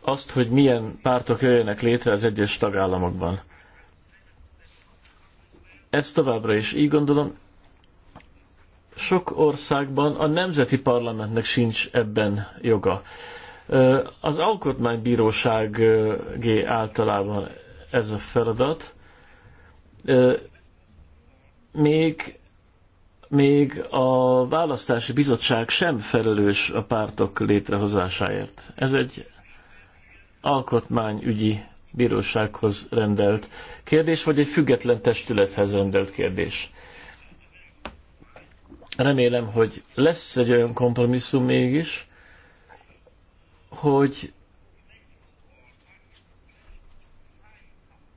azt, hogy milyen pártok jöjjenek létre az egyes tagállamokban. Ezt továbbra is így gondolom, sok országban a nemzeti parlamentnek sincs ebben joga. Az alkotmánybíróságé általában ez a feladat. Még, még a választási bizottság sem felelős a pártok létrehozásáért. Ez egy alkotmányügyi bírósághoz rendelt kérdés, vagy egy független testülethez rendelt kérdés remélem, hogy lesz egy olyan kompromisszum mégis, hogy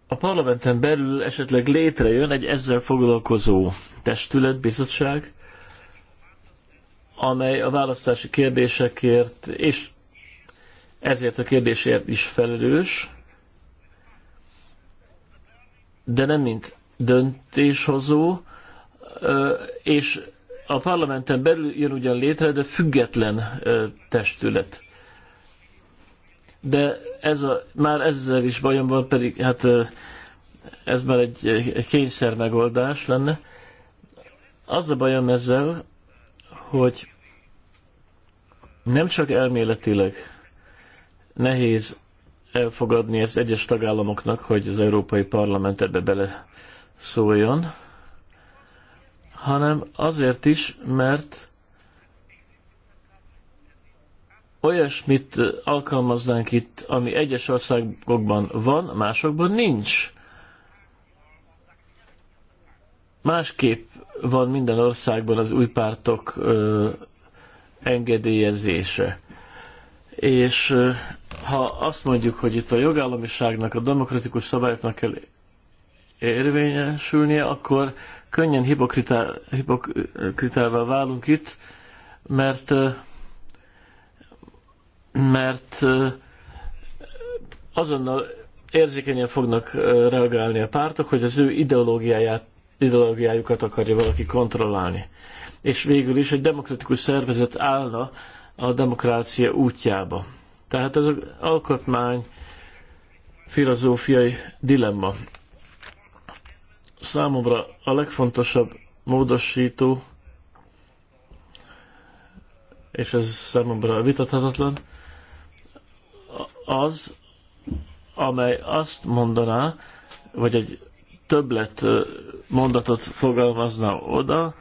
a parlamenten belül esetleg létrejön egy ezzel foglalkozó testület, bizottság, amely a választási kérdésekért és ezért a kérdésért is felelős, de nem mint döntéshozó, és a parlamenten belül jön ugyan létre, de független testület. De ez a, már ezzel is bajom van, pedig hát ez már egy, egy kényszer megoldás lenne. Az a bajom ezzel, hogy nem csak elméletileg nehéz elfogadni ezt egyes tagállamoknak, hogy az Európai Parlament ebbe bele szóljon, hanem azért is, mert olyasmit alkalmaznánk itt, ami egyes országokban van, másokban nincs. Másképp van minden országban az új pártok ö, engedélyezése. És ö, ha azt mondjuk, hogy itt a jogállamiságnak, a demokratikus szabályoknak kell érvényesülnie, akkor könnyen hipokritál, hipokritálvá válunk itt, mert mert azonnal érzékenyen fognak reagálni a pártok, hogy az ő ideológiáját, ideológiájukat akarja valaki kontrollálni. És végül is egy demokratikus szervezet állna a demokrácia útjába. Tehát ez az alkotmány filozófiai dilemma. Számomra a legfontosabb módosító, és ez számomra vitathatatlan, az, amely azt mondaná, vagy egy többlet mondatot fogalmazna oda,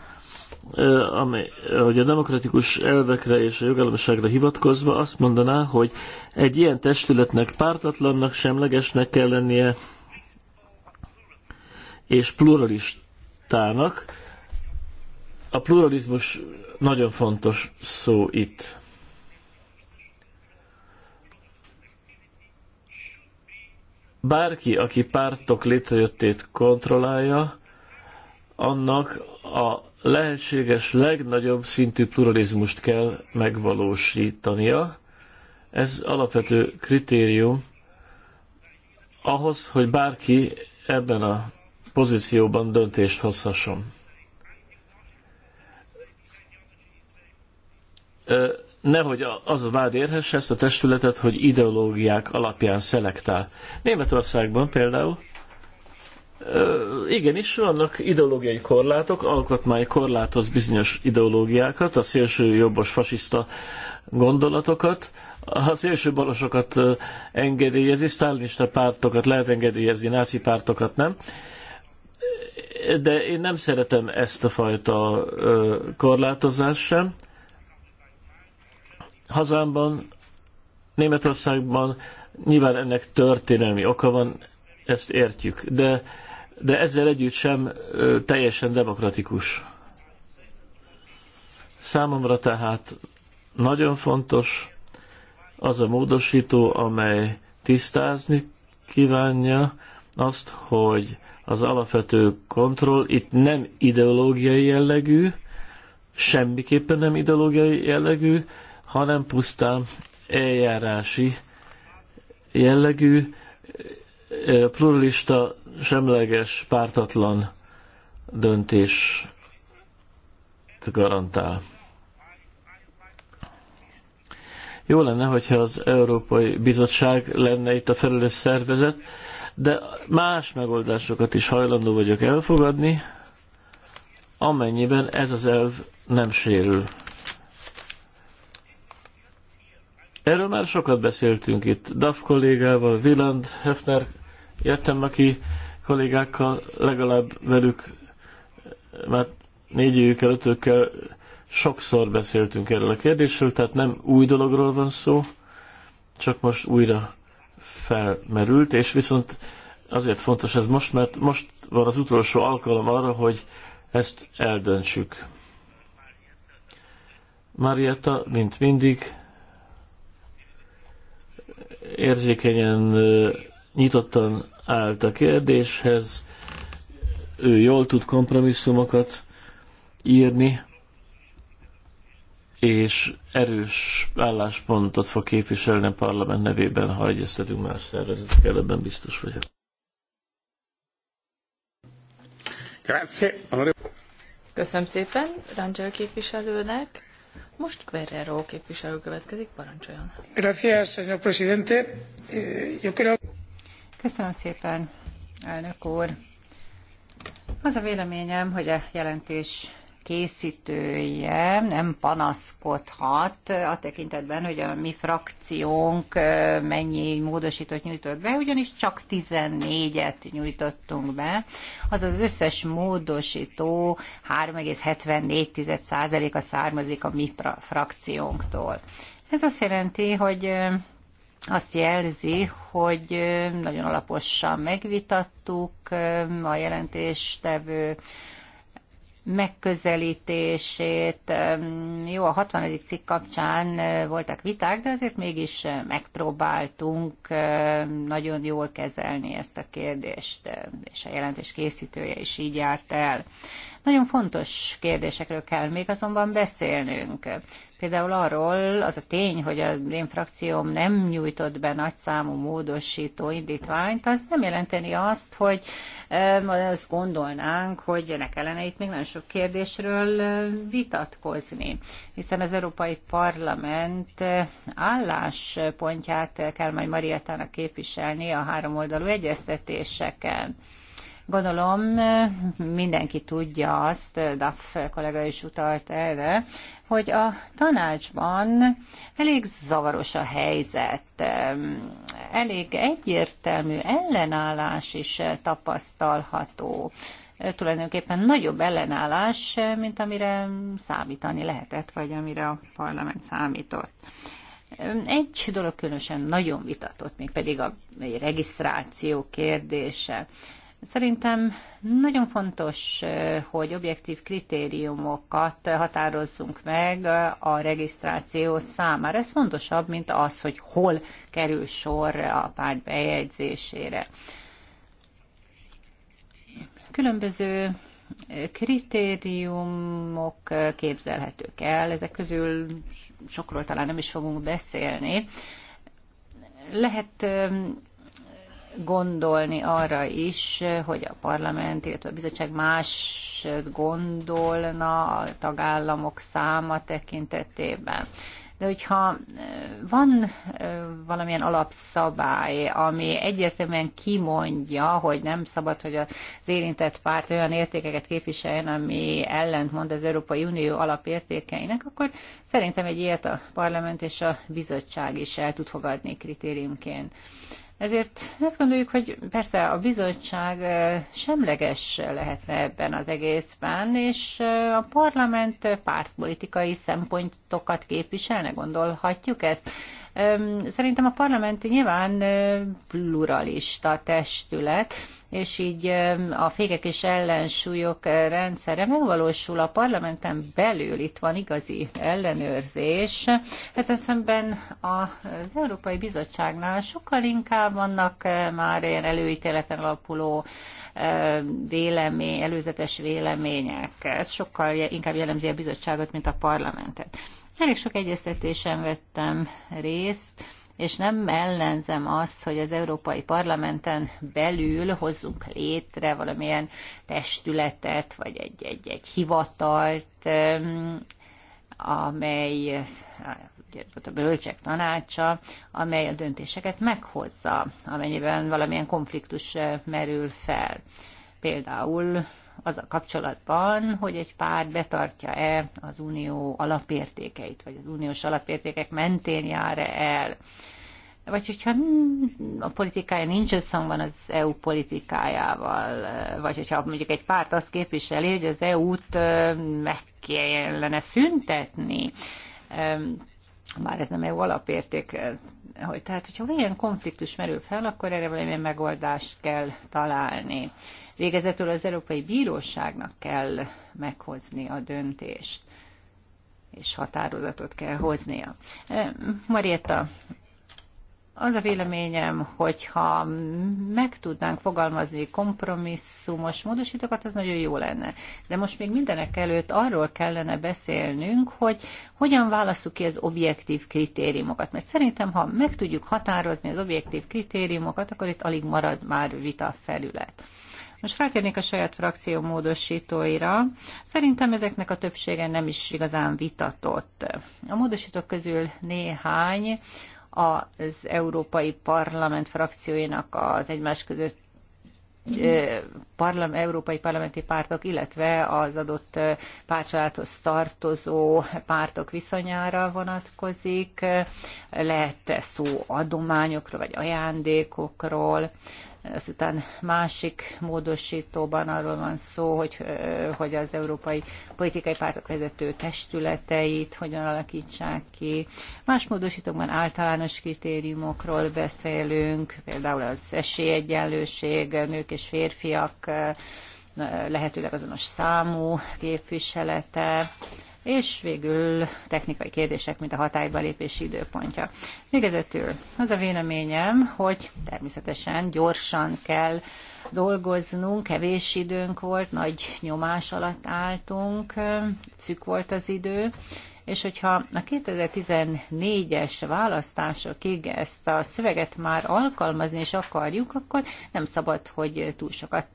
amely, hogy a demokratikus elvekre és a jogállamiságra hivatkozva azt mondaná, hogy egy ilyen testületnek pártatlannak, semlegesnek kell lennie, és pluralistának. A pluralizmus nagyon fontos szó itt. Bárki, aki pártok létrejöttét kontrollálja, annak a lehetséges legnagyobb szintű pluralizmust kell megvalósítania. Ez alapvető kritérium ahhoz, hogy bárki ebben a pozícióban döntést hozhasson. Nehogy az a vád érhesse ezt a testületet, hogy ideológiák alapján szelektál. Németországban például igenis vannak ideológiai korlátok, alkotmány korlátoz bizonyos ideológiákat, a szélső jobbos fasiszta gondolatokat, a szélső balosokat engedélyezi, sztálinista pártokat lehet engedélyezni, náci pártokat nem de én nem szeretem ezt a fajta korlátozást sem. Hazámban, Németországban nyilván ennek történelmi oka van, ezt értjük, de, de ezzel együtt sem teljesen demokratikus. Számomra tehát nagyon fontos az a módosító, amely tisztázni kívánja azt, hogy az alapvető kontroll itt nem ideológiai jellegű, semmiképpen nem ideológiai jellegű, hanem pusztán eljárási jellegű, pluralista, semleges, pártatlan döntés garantál. Jó lenne, hogyha az Európai Bizottság lenne itt a felelős szervezet, de más megoldásokat is hajlandó vagyok elfogadni, amennyiben ez az elv nem sérül. Erről már sokat beszéltünk itt, DAF kollégával, Viland, Hefner, jöttem aki kollégákkal, legalább velük, már évükkel, ötökkel sokszor beszéltünk erről a kérdésről, tehát nem új dologról van szó, csak most újra felmerült, és viszont azért fontos ez most, mert most van az utolsó alkalom arra, hogy ezt eldöntsük. Marietta, mint mindig, érzékenyen, nyitottan állt a kérdéshez, ő jól tud kompromisszumokat írni, és erős álláspontot fog képviselni a parlament nevében, ha egyeztetünk más szervezetekkel, ebben biztos vagyok. Köszönöm szépen Rangel képviselőnek. Most Guerrero képviselő következik, parancsoljon. Eh, Köszönöm szépen, elnök úr. Az a véleményem, hogy a jelentés készítője nem panaszkodhat a tekintetben, hogy a mi frakciónk mennyi módosított nyújtott be, ugyanis csak 14-et nyújtottunk be, az az összes módosító 3,74%-a származik a mi frakciónktól. Ez azt jelenti, hogy azt jelzi, hogy nagyon alaposan megvitattuk a jelentéstevő megközelítését. Jó, a 60. cikk kapcsán voltak viták, de azért mégis megpróbáltunk nagyon jól kezelni ezt a kérdést, és a jelentés készítője is így járt el. Nagyon fontos kérdésekről kell még azonban beszélnünk. Például arról az a tény, hogy a én frakcióm nem nyújtott be nagyszámú módosító indítványt, az nem jelenteni azt, hogy azt gondolnánk, hogy ne kellene itt még nagyon sok kérdésről vitatkozni, hiszen az Európai Parlament álláspontját kell majd Marietának képviselni a három oldalú egyeztetéseken. Gondolom mindenki tudja azt, Duff kollega is utalt erre, hogy a tanácsban elég zavaros a helyzet, elég egyértelmű ellenállás is tapasztalható. Tulajdonképpen nagyobb ellenállás, mint amire számítani lehetett, vagy amire a parlament számított. Egy dolog különösen nagyon vitatott, még pedig a regisztráció kérdése. Szerintem nagyon fontos, hogy objektív kritériumokat határozzunk meg a regisztráció számára. Ez fontosabb, mint az, hogy hol kerül sor a párt bejegyzésére. Különböző kritériumok képzelhetők el, ezek közül sokról talán nem is fogunk beszélni. Lehet gondolni arra is, hogy a parlament, illetve a bizottság más gondolna a tagállamok száma tekintetében. De hogyha eh, van eh, valamilyen alapszabály, ami egyértelműen kimondja, hogy nem szabad, hogy az érintett párt olyan értékeket képviseljen, ami ellentmond az Európai Unió alapértékeinek, akkor szerintem egy ilyet a parlament és a bizottság is el tud fogadni kritériumként. Ezért azt gondoljuk, hogy persze a bizottság semleges lehetne ebben az egészben, és a parlament pártpolitikai szempontokat képviselne, gondolhatjuk ezt. Szerintem a parlament nyilván pluralista testület, és így a fékek és ellensúlyok rendszere megvalósul a parlamenten belül, itt van igazi ellenőrzés. Ezen hát szemben az Európai Bizottságnál sokkal inkább vannak már ilyen előítéleten alapuló vélemény, előzetes vélemények. Ez sokkal inkább jellemzi a bizottságot, mint a parlamentet. Elég sok egyeztetésen vettem részt, és nem ellenzem azt, hogy az Európai Parlamenten belül hozzunk létre valamilyen testületet, vagy egy, egy, egy hivatalt, amely a bölcsek tanácsa, amely a döntéseket meghozza, amennyiben valamilyen konfliktus eh, merül fel. Például az a kapcsolatban, hogy egy párt betartja-e az unió alapértékeit, vagy az uniós alapértékek mentén jár -e el. Vagy hogyha a politikája nincs összhangban az EU politikájával, vagy hogyha mondjuk egy párt azt képviseli, hogy az EU-t meg kellene szüntetni, bár ez nem EU alapérték hogy tehát, hogyha ilyen konfliktus merül fel, akkor erre valamilyen megoldást kell találni. Végezetül az Európai Bíróságnak kell meghozni a döntést és határozatot kell hoznia. Marietta az a véleményem, hogyha meg tudnánk fogalmazni kompromisszumos módosítókat, az nagyon jó lenne. De most még mindenek előtt arról kellene beszélnünk, hogy hogyan válasszuk ki az objektív kritériumokat. Mert szerintem, ha meg tudjuk határozni az objektív kritériumokat, akkor itt alig marad már vita felület. Most rátérnék a saját frakció módosítóira. Szerintem ezeknek a többsége nem is igazán vitatott. A módosítók közül néhány az Európai Parlament frakcióinak az egymás között parlam, európai parlamenti pártok, illetve az adott pártcsaládhoz tartozó pártok viszonyára vonatkozik. lehet szó adományokról vagy ajándékokról? aztán másik módosítóban arról van szó, hogy, hogy az európai politikai pártok vezető testületeit hogyan alakítsák ki. Más módosítókban általános kritériumokról beszélünk, például az esélyegyenlőség, nők és férfiak lehetőleg azonos számú képviselete, és végül technikai kérdések, mint a hatályba lépési időpontja. Végezetül az a véleményem, hogy természetesen gyorsan kell dolgoznunk, kevés időnk volt, nagy nyomás alatt álltunk, szük volt az idő, és hogyha a 2014-es választásokig ezt a szöveget már alkalmazni is akarjuk, akkor nem szabad, hogy túl sokat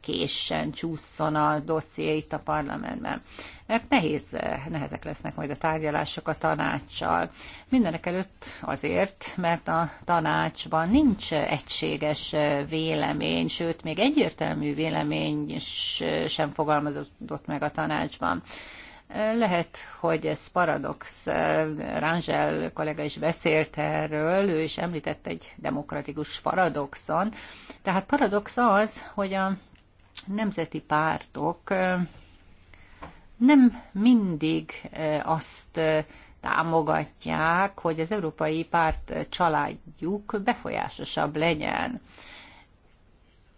késsen, csúszson a dosszié itt a parlamentben. Mert nehéz, nehezek lesznek majd a tárgyalások a tanácssal. Mindenek előtt azért, mert a tanácsban nincs egységes vélemény, sőt, még egyértelmű vélemény sem fogalmazott meg a tanácsban. Lehet, hogy ez paradox. Rangel kollega is beszélt erről, ő is említett egy demokratikus paradoxon. Tehát paradox az, hogy a nemzeti pártok nem mindig azt támogatják, hogy az európai párt családjuk befolyásosabb legyen.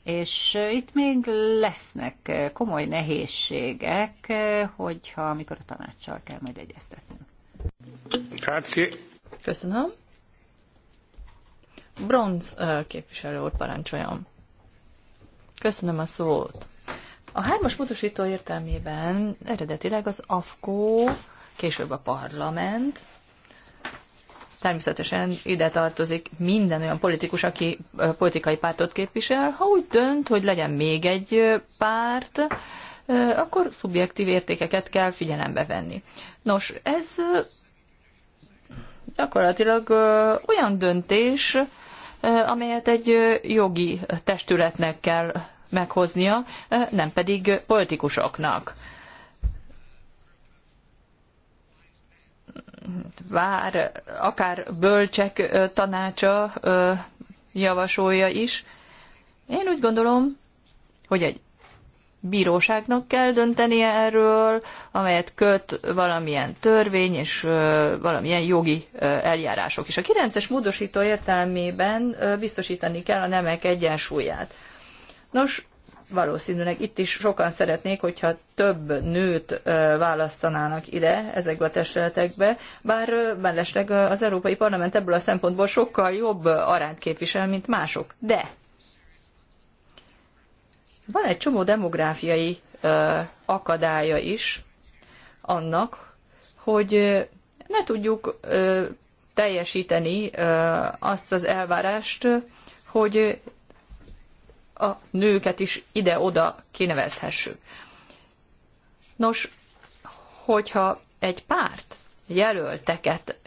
És itt még lesznek komoly nehézségek, hogyha amikor a tanácssal kell majd egyeztetni. Grazie. Köszönöm. Bronz képviselő úr parancsoljon. Köszönöm a szót. A hármas módosító értelmében eredetileg az AFKO, később a parlament Természetesen ide tartozik minden olyan politikus, aki politikai pártot képvisel. Ha úgy dönt, hogy legyen még egy párt, akkor szubjektív értékeket kell figyelembe venni. Nos, ez gyakorlatilag olyan döntés, amelyet egy jogi testületnek kell meghoznia, nem pedig politikusoknak. vár, akár bölcsek tanácsa javasolja is. Én úgy gondolom, hogy egy bíróságnak kell döntenie erről, amelyet köt valamilyen törvény és valamilyen jogi eljárások. is a 9-es módosító értelmében biztosítani kell a nemek egyensúlyát. Nos, valószínűleg itt is sokan szeretnék, hogyha több nőt választanának ide ezekbe a testületekbe, bár mellesleg az Európai Parlament ebből a szempontból sokkal jobb arányt képvisel, mint mások. De van egy csomó demográfiai akadálya is annak, hogy ne tudjuk teljesíteni azt az elvárást, hogy a nőket is ide-oda kinevezhessük. Nos, hogyha egy párt jelölteket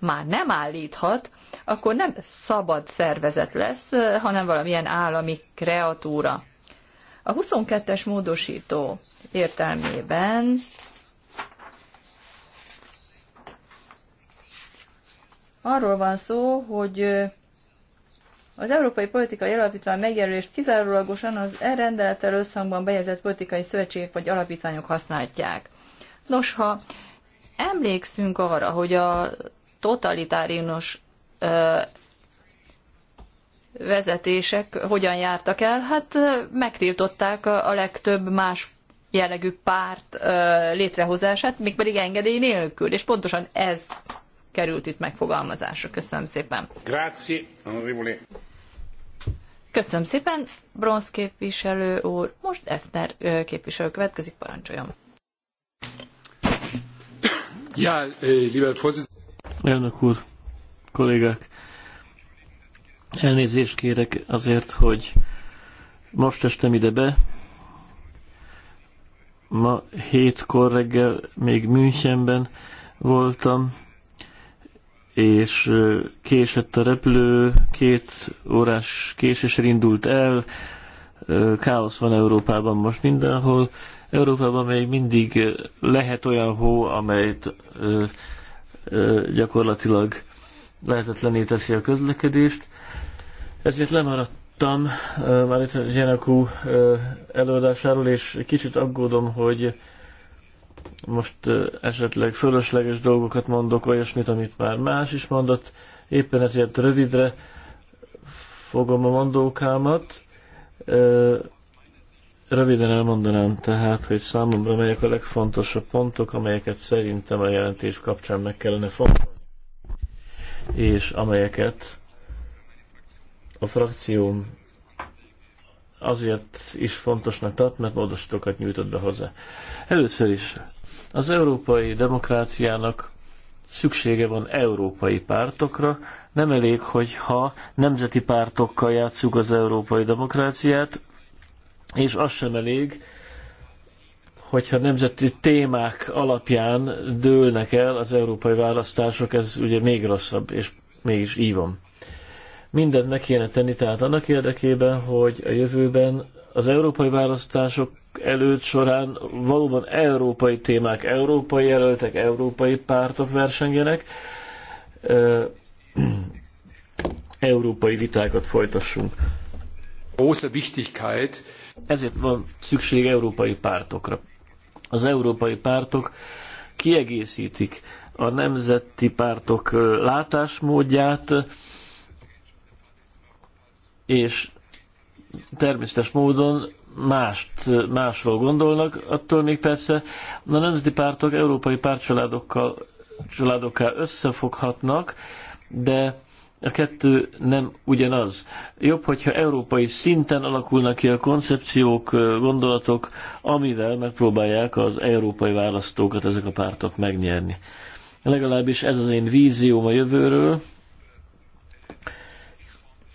már nem állíthat, akkor nem szabad szervezet lesz, hanem valamilyen állami kreatúra. A 22-es módosító értelmében arról van szó, hogy az európai politikai alapítvány megjelölést kizárólagosan az e rendelettel összhangban bejelzett politikai szövetségek vagy alapítványok használják. Nos, ha emlékszünk arra, hogy a totalitárius vezetések hogyan jártak el, hát megtiltották a legtöbb más jellegű párt létrehozását, mégpedig engedély nélkül. És pontosan ez került itt megfogalmazásra. Köszönöm szépen. Grazie, onorevole. Köszönöm szépen, bronz képviselő úr. Most Efner képviselő következik, parancsoljon. Ja, lieber Vorsitzender. Elnök úr, kollégák, elnézést kérek azért, hogy most estem ide be. Ma hétkor reggel még Münchenben voltam, és késett a repülő, két órás késésre indult el, káosz van Európában most mindenhol. Európában még mindig lehet olyan hó, amelyet gyakorlatilag lehetetlené teszi a közlekedést. Ezért lemaradtam már itt Jenakú előadásáról, és kicsit aggódom, hogy most esetleg fölösleges dolgokat mondok, olyasmit, amit már más is mondott, éppen ezért rövidre fogom a mondókámat. Röviden elmondanám tehát, hogy számomra melyek a legfontosabb pontok, amelyeket szerintem a jelentés kapcsán meg kellene fontolni, és amelyeket a frakcióm azért is fontosnak tart, mert módosítókat nyújtott be hozzá. Először is az európai demokráciának szüksége van európai pártokra, nem elég, hogyha nemzeti pártokkal játszuk az európai demokráciát, és az sem elég, hogyha nemzeti témák alapján dőlnek el az európai választások, ez ugye még rosszabb, és mégis így van. Mindent meg kéne tenni, tehát annak érdekében, hogy a jövőben az európai választások előtt során valóban európai témák, európai jelöltek, európai pártok versengenek, európai vitákat folytassunk. Ezért van szükség európai pártokra. Az európai pártok kiegészítik a nemzeti pártok látásmódját, és természetes módon mást, másról gondolnak, attól még persze a nemzeti pártok európai pártcsaládokkal családokká összefoghatnak, de a kettő nem ugyanaz. Jobb, hogyha európai szinten alakulnak ki a koncepciók, gondolatok, amivel megpróbálják az európai választókat ezek a pártok megnyerni. Legalábbis ez az én vízióm a jövőről,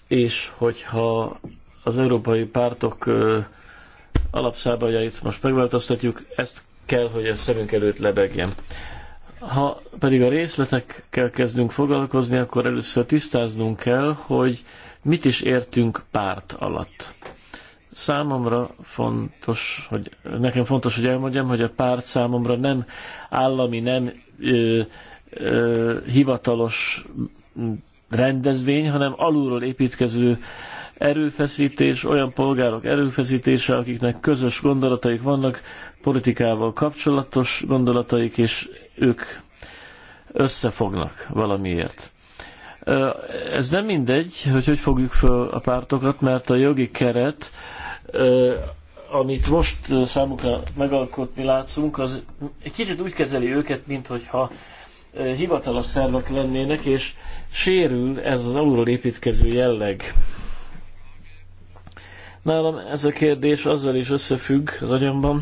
és hogyha az európai pártok alapszábajait most megváltoztatjuk, ezt kell, hogy ez szemünk előtt lebegjen. Ha pedig a részletekkel kezdünk foglalkozni, akkor először tisztáznunk kell, hogy mit is értünk párt alatt. Számomra fontos, hogy nekem fontos, hogy elmondjam, hogy a párt számomra nem állami, nem ö, ö, hivatalos rendezvény, hanem alulról építkező erőfeszítés, olyan polgárok erőfeszítése, akiknek közös gondolataik vannak, politikával kapcsolatos gondolataik, és ők összefognak valamiért. Ez nem mindegy, hogy hogy fogjuk föl a pártokat, mert a jogi keret, amit most számukra megalkotni látszunk, az egy kicsit úgy kezeli őket, mint hivatalos szervek lennének, és sérül ez az alulról építkező jelleg Nálam ez a kérdés azzal is összefügg az agyamban,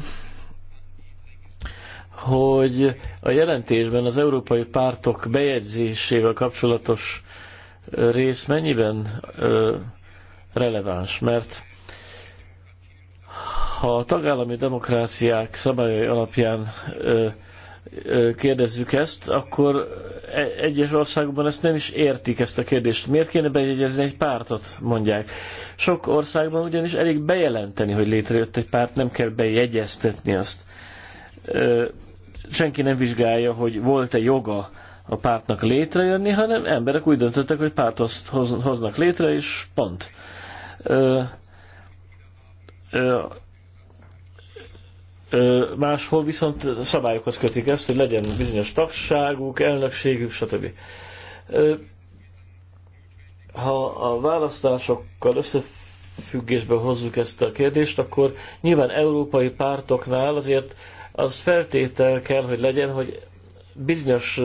hogy a jelentésben az európai pártok bejegyzésével kapcsolatos rész mennyiben releváns, mert ha a tagállami demokráciák szabályai alapján kérdezzük ezt, akkor e- egyes országokban ezt nem is értik ezt a kérdést. Miért kéne bejegyezni egy pártot, mondják. Sok országban ugyanis elég bejelenteni, hogy létrejött egy párt, nem kell bejegyeztetni azt. Senki nem vizsgálja, hogy volt-e joga a pártnak létrejönni, hanem emberek úgy döntöttek, hogy pártot hoznak létre, és pont. Máshol viszont szabályokhoz kötik ezt, hogy legyen bizonyos tagságuk, elnökségük, stb. Ha a választásokkal összefüggésbe hozzuk ezt a kérdést, akkor nyilván európai pártoknál azért az feltétel kell, hogy legyen, hogy bizonyos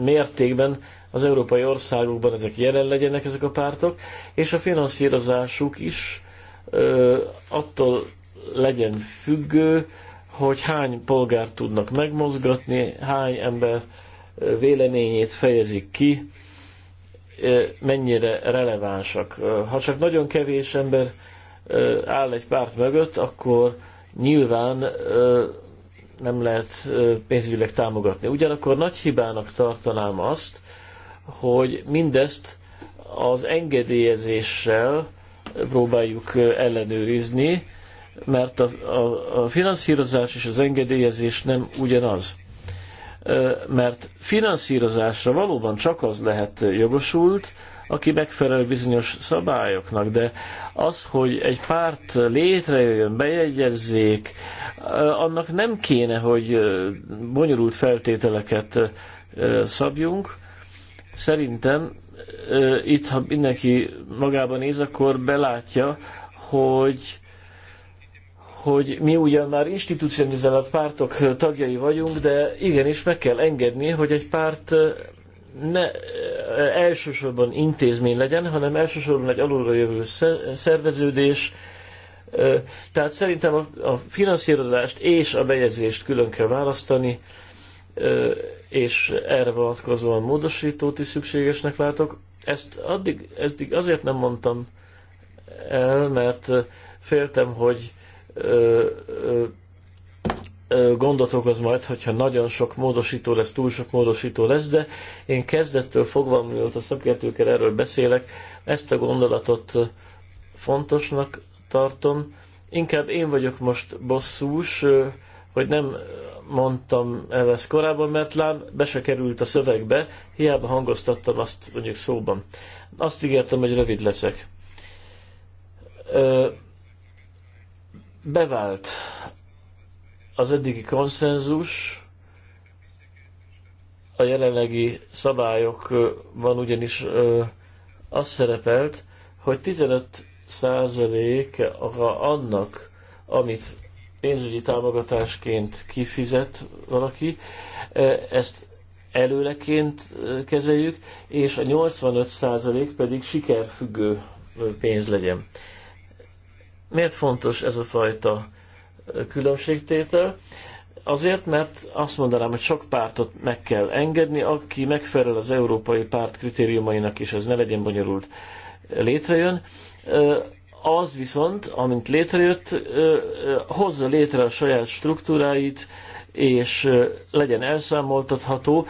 mértékben az európai országokban ezek jelen legyenek ezek a pártok, és a finanszírozásuk is ö, attól legyen függő, hogy hány polgár tudnak megmozgatni, hány ember véleményét fejezik ki, mennyire relevánsak. Ha csak nagyon kevés ember áll egy párt mögött, akkor nyilván nem lehet pénzügyileg támogatni. Ugyanakkor nagy hibának tartanám azt, hogy mindezt az engedélyezéssel próbáljuk ellenőrizni, mert a, a, a finanszírozás és az engedélyezés nem ugyanaz. Mert finanszírozásra valóban csak az lehet jogosult, aki megfelel bizonyos szabályoknak, de az, hogy egy párt létrejöjjön, bejegyezzék, annak nem kéne, hogy bonyolult feltételeket szabjunk. Szerintem itt, ha mindenki magában néz, akkor belátja, hogy hogy mi ugyan már institucionalizált pártok tagjai vagyunk, de igenis meg kell engedni, hogy egy párt ne elsősorban intézmény legyen, hanem elsősorban egy alulra jövő szerveződés. Tehát szerintem a finanszírozást és a bejegyzést külön kell választani, és erre vonatkozóan módosítót is szükségesnek látok. Ezt addig, eddig azért nem mondtam el, mert féltem, hogy ö, ö, ö, gondot okoz majd, hogyha nagyon sok módosító lesz, túl sok módosító lesz, de én kezdettől fogva, mióta szakértőkkel erről beszélek, ezt a gondolatot fontosnak tartom. Inkább én vagyok most bosszús, hogy nem mondtam el ezt korábban, mert lám be se került a szövegbe, hiába hangoztattam azt mondjuk szóban. Azt ígértem, hogy rövid leszek bevált az eddigi konszenzus, a jelenlegi szabályokban ugyanis az szerepelt, hogy 15 százalék annak, amit pénzügyi támogatásként kifizet valaki, ezt előleként kezeljük, és a 85 százalék pedig sikerfüggő pénz legyen. Miért fontos ez a fajta különbségtétel? Azért, mert azt mondanám, hogy sok pártot meg kell engedni, aki megfelel az európai párt kritériumainak, és ez ne legyen bonyolult, létrejön. Az viszont, amint létrejött, hozza létre a saját struktúráit, és legyen elszámoltatható.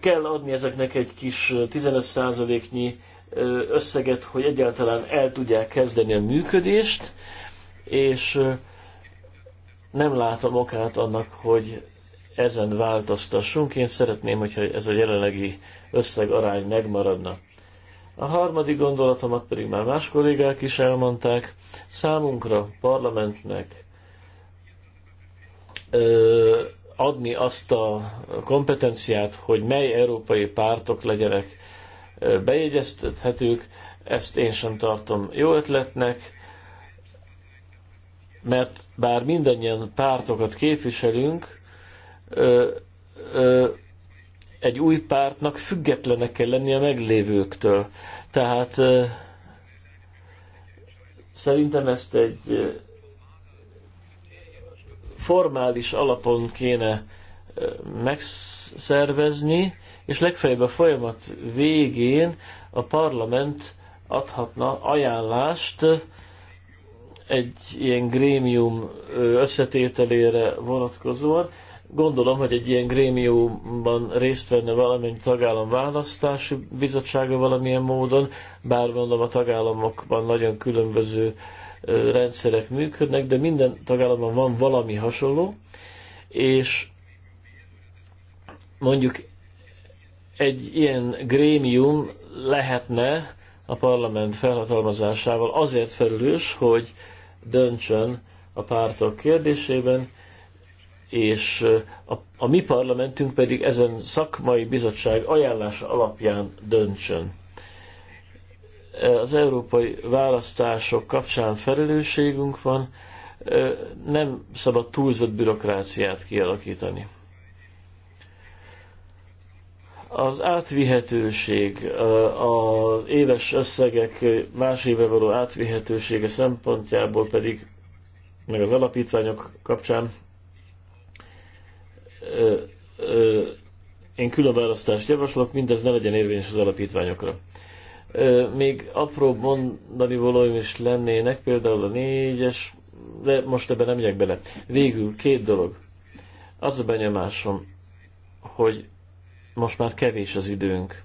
Kell adni ezeknek egy kis 15%-nyi összeget, hogy egyáltalán el tudják kezdeni a működést, és nem látom okát annak, hogy ezen változtassunk. Én szeretném, hogyha ez a jelenlegi arány megmaradna. A harmadik gondolatomat pedig már más kollégák is elmondták. Számunkra, parlamentnek ö, adni azt a kompetenciát, hogy mely európai pártok legyenek bejegyeztethetők, ezt én sem tartom jó ötletnek, mert bár mindannyian pártokat képviselünk, ö, ö, egy új pártnak függetlenek kell lennie a meglévőktől. Tehát ö, szerintem ezt egy ö, formális alapon kéne megszervezni, és legfeljebb a folyamat végén a parlament adhatna ajánlást egy ilyen grémium összetételére vonatkozóan. Gondolom, hogy egy ilyen grémiumban részt venne valamennyi tagállam választási bizottsága valamilyen módon, bár gondolom a tagállamokban nagyon különböző rendszerek működnek, de minden tagállamban van valami hasonló, és mondjuk egy ilyen grémium lehetne a parlament felhatalmazásával azért felelős, hogy döntsön a pártok kérdésében, és a, a mi parlamentünk pedig ezen szakmai bizottság ajánlása alapján döntsön. Az európai választások kapcsán felelősségünk van, nem szabad túlzott bürokráciát kialakítani. Az átvihetőség, az éves összegek más éve való átvihetősége szempontjából pedig, meg az alapítványok kapcsán én külön választást javaslok, mindez ne legyen érvényes az alapítványokra. Még apró mondani valóim is lennének, például a négyes, de most ebben nem megyek bele. Végül két dolog. Az a benyomásom, hogy most már kevés az időnk.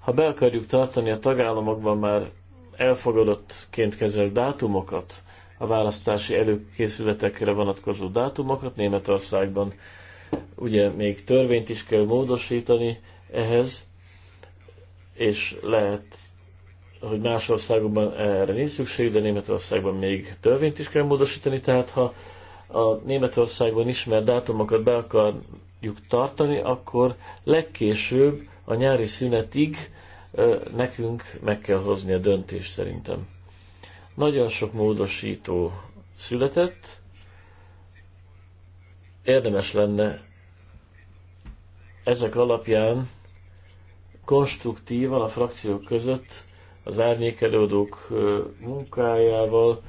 Ha be akarjuk tartani a tagállamokban már elfogadottként kezelt dátumokat, a választási előkészületekre vonatkozó dátumokat Németországban, ugye még törvényt is kell módosítani ehhez, és lehet, hogy más országokban erre nincs szükség, de Németországban még törvényt is kell módosítani, tehát ha a Németországban ismert dátumokat be akar tudjuk tartani, akkor legkésőbb a nyári szünetig nekünk meg kell hozni a döntést szerintem. Nagyon sok módosító született, érdemes lenne ezek alapján konstruktívan a frakciók között az árnyékelődők munkájával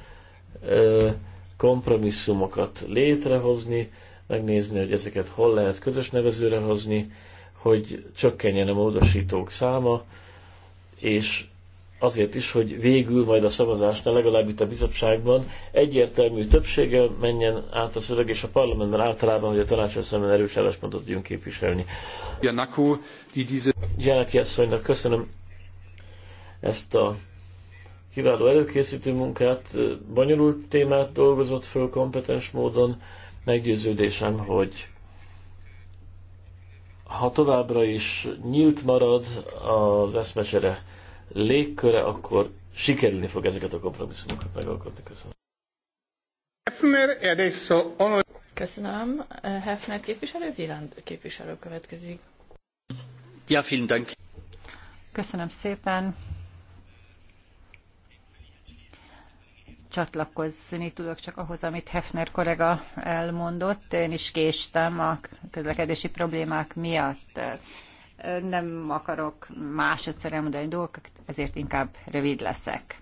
kompromisszumokat létrehozni, megnézni, hogy ezeket hol lehet közös nevezőre hozni, hogy csökkenjen a módosítók száma, és azért is, hogy végül majd a szavazásnál, legalább itt a bizottságban egyértelmű többsége menjen át a szöveg, és a parlamentben általában, hogy a tanácsra szemben erős álláspontot tudjunk képviselni. Jánaki asszonynak köszönöm ezt a kiváló előkészítő munkát, bonyolult témát dolgozott föl kompetens módon, Meggyőződésem, hogy ha továbbra is nyílt marad az eszmecsere légköre, akkor sikerülni fog ezeket a kompromisszumokat megalkotni. Köszönöm. Köszönöm. Hefner képviselő, Viland képviselő következik. Ja, vielen Dank. Köszönöm szépen. csatlakozni tudok csak ahhoz, amit Hefner kollega elmondott. Én is késtem a közlekedési problémák miatt. Nem akarok másodszor elmondani dolgokat, ezért inkább rövid leszek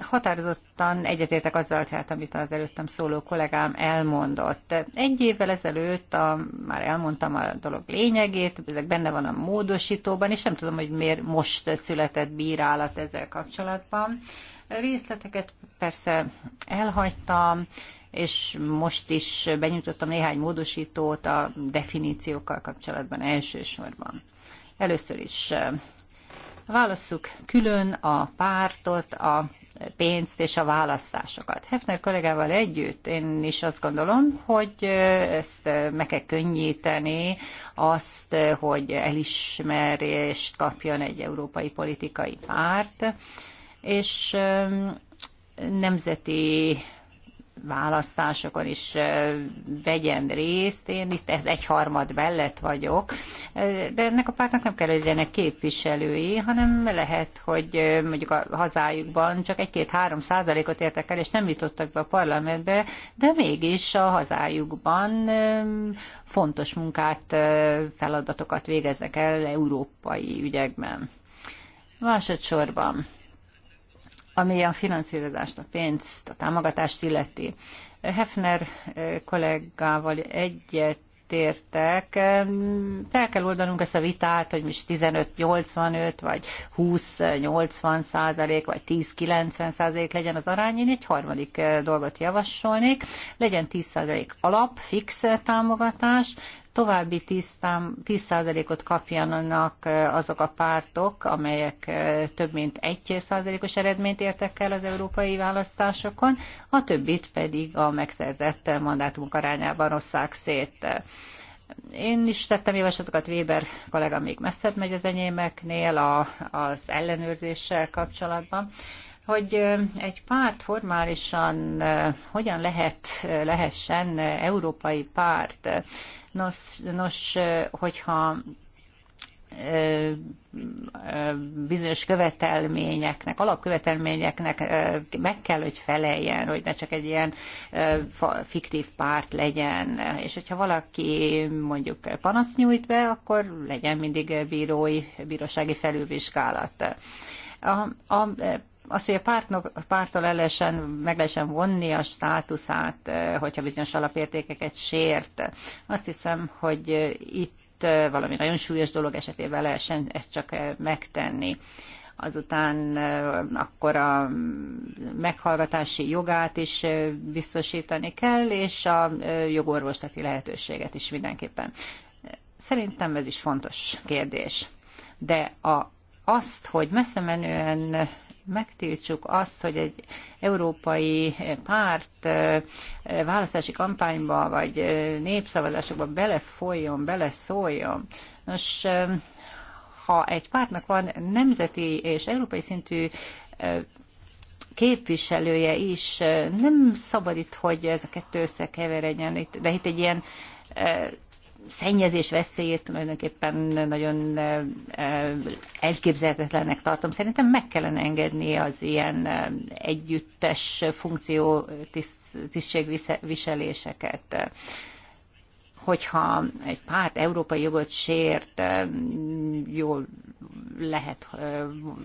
határozottan egyetértek azzal, tehát, amit az előttem szóló kollégám elmondott. Egy évvel ezelőtt a, már elmondtam a dolog lényegét, ezek benne van a módosítóban, és nem tudom, hogy miért most született bírálat ezzel kapcsolatban. Részleteket persze elhagytam, és most is benyújtottam néhány módosítót a definíciókkal kapcsolatban elsősorban. Először is eh, válasszuk külön a pártot a pénzt és a választásokat. Hefner kollégával együtt én is azt gondolom, hogy ezt meg kell könnyíteni, azt, hogy elismerést kapjon egy európai politikai párt, és nemzeti választásokon is vegyen részt. Én itt ez egyharmad mellett vagyok, de ennek a pártnak nem kell, hogy legyenek képviselői, hanem lehet, hogy mondjuk a hazájukban csak egy-két-három százalékot értek el, és nem jutottak be a parlamentbe, de mégis a hazájukban fontos munkát, feladatokat végeznek el európai ügyekben. Másodszorban ami a finanszírozást, a pénzt, a támogatást illeti. Hefner eh, kollégával egyet tértek. Fel kell oldanunk ezt a vitát, hogy most 15-85, vagy 20-80 százalék, vagy 10-90 százalék legyen az arány. Én egy harmadik eh, dolgot javasolnék. Legyen 10 százalék alap, fix támogatás, további 10%-ot kapjanak eh, azok a pártok, amelyek eh, több mint 1%-os eredményt értek el az európai választásokon, a többit pedig a megszerzett mandátumok arányában osszák szét. Én is tettem javaslatokat, Weber kollega még messzebb megy az enyémeknél a, az ellenőrzéssel kapcsolatban hogy egy párt formálisan hogyan lehet, lehessen európai párt. Nos, nos hogyha bizonyos követelményeknek, alapkövetelményeknek meg kell, hogy feleljen, hogy ne csak egy ilyen fiktív párt legyen. És hogyha valaki mondjuk panaszt nyújt be, akkor legyen mindig bírói, bírósági felülvizsgálat. A, a az, hogy a pártnok, pártól el lehessen, meg lehessen vonni a státuszát, eh, hogyha bizonyos alapértékeket sért. Azt hiszem, hogy eh, itt eh, valami nagyon súlyos dolog esetében lehessen ezt csak megtenni azután akkor a mm, meghallgatási jogát is biztosítani kell, és a jogorvoslati lehetőséget is mindenképpen. Szerintem ez is fontos kérdés. De a, azt, hogy messze menően megtiltsuk azt, hogy egy európai párt választási kampányba vagy népszavazásokba belefolyjon, beleszóljon. Nos, ha egy pártnak van nemzeti és európai szintű képviselője is, nem szabad itt, hogy ez a kettő összekeveredjen, de itt egy ilyen szennyezés veszélyét tulajdonképpen nagyon elképzelhetetlennek tartom. Szerintem meg kellene engedni az ilyen együttes funkció tisztségviseléseket hogyha egy párt európai jogot sért, jól lehet,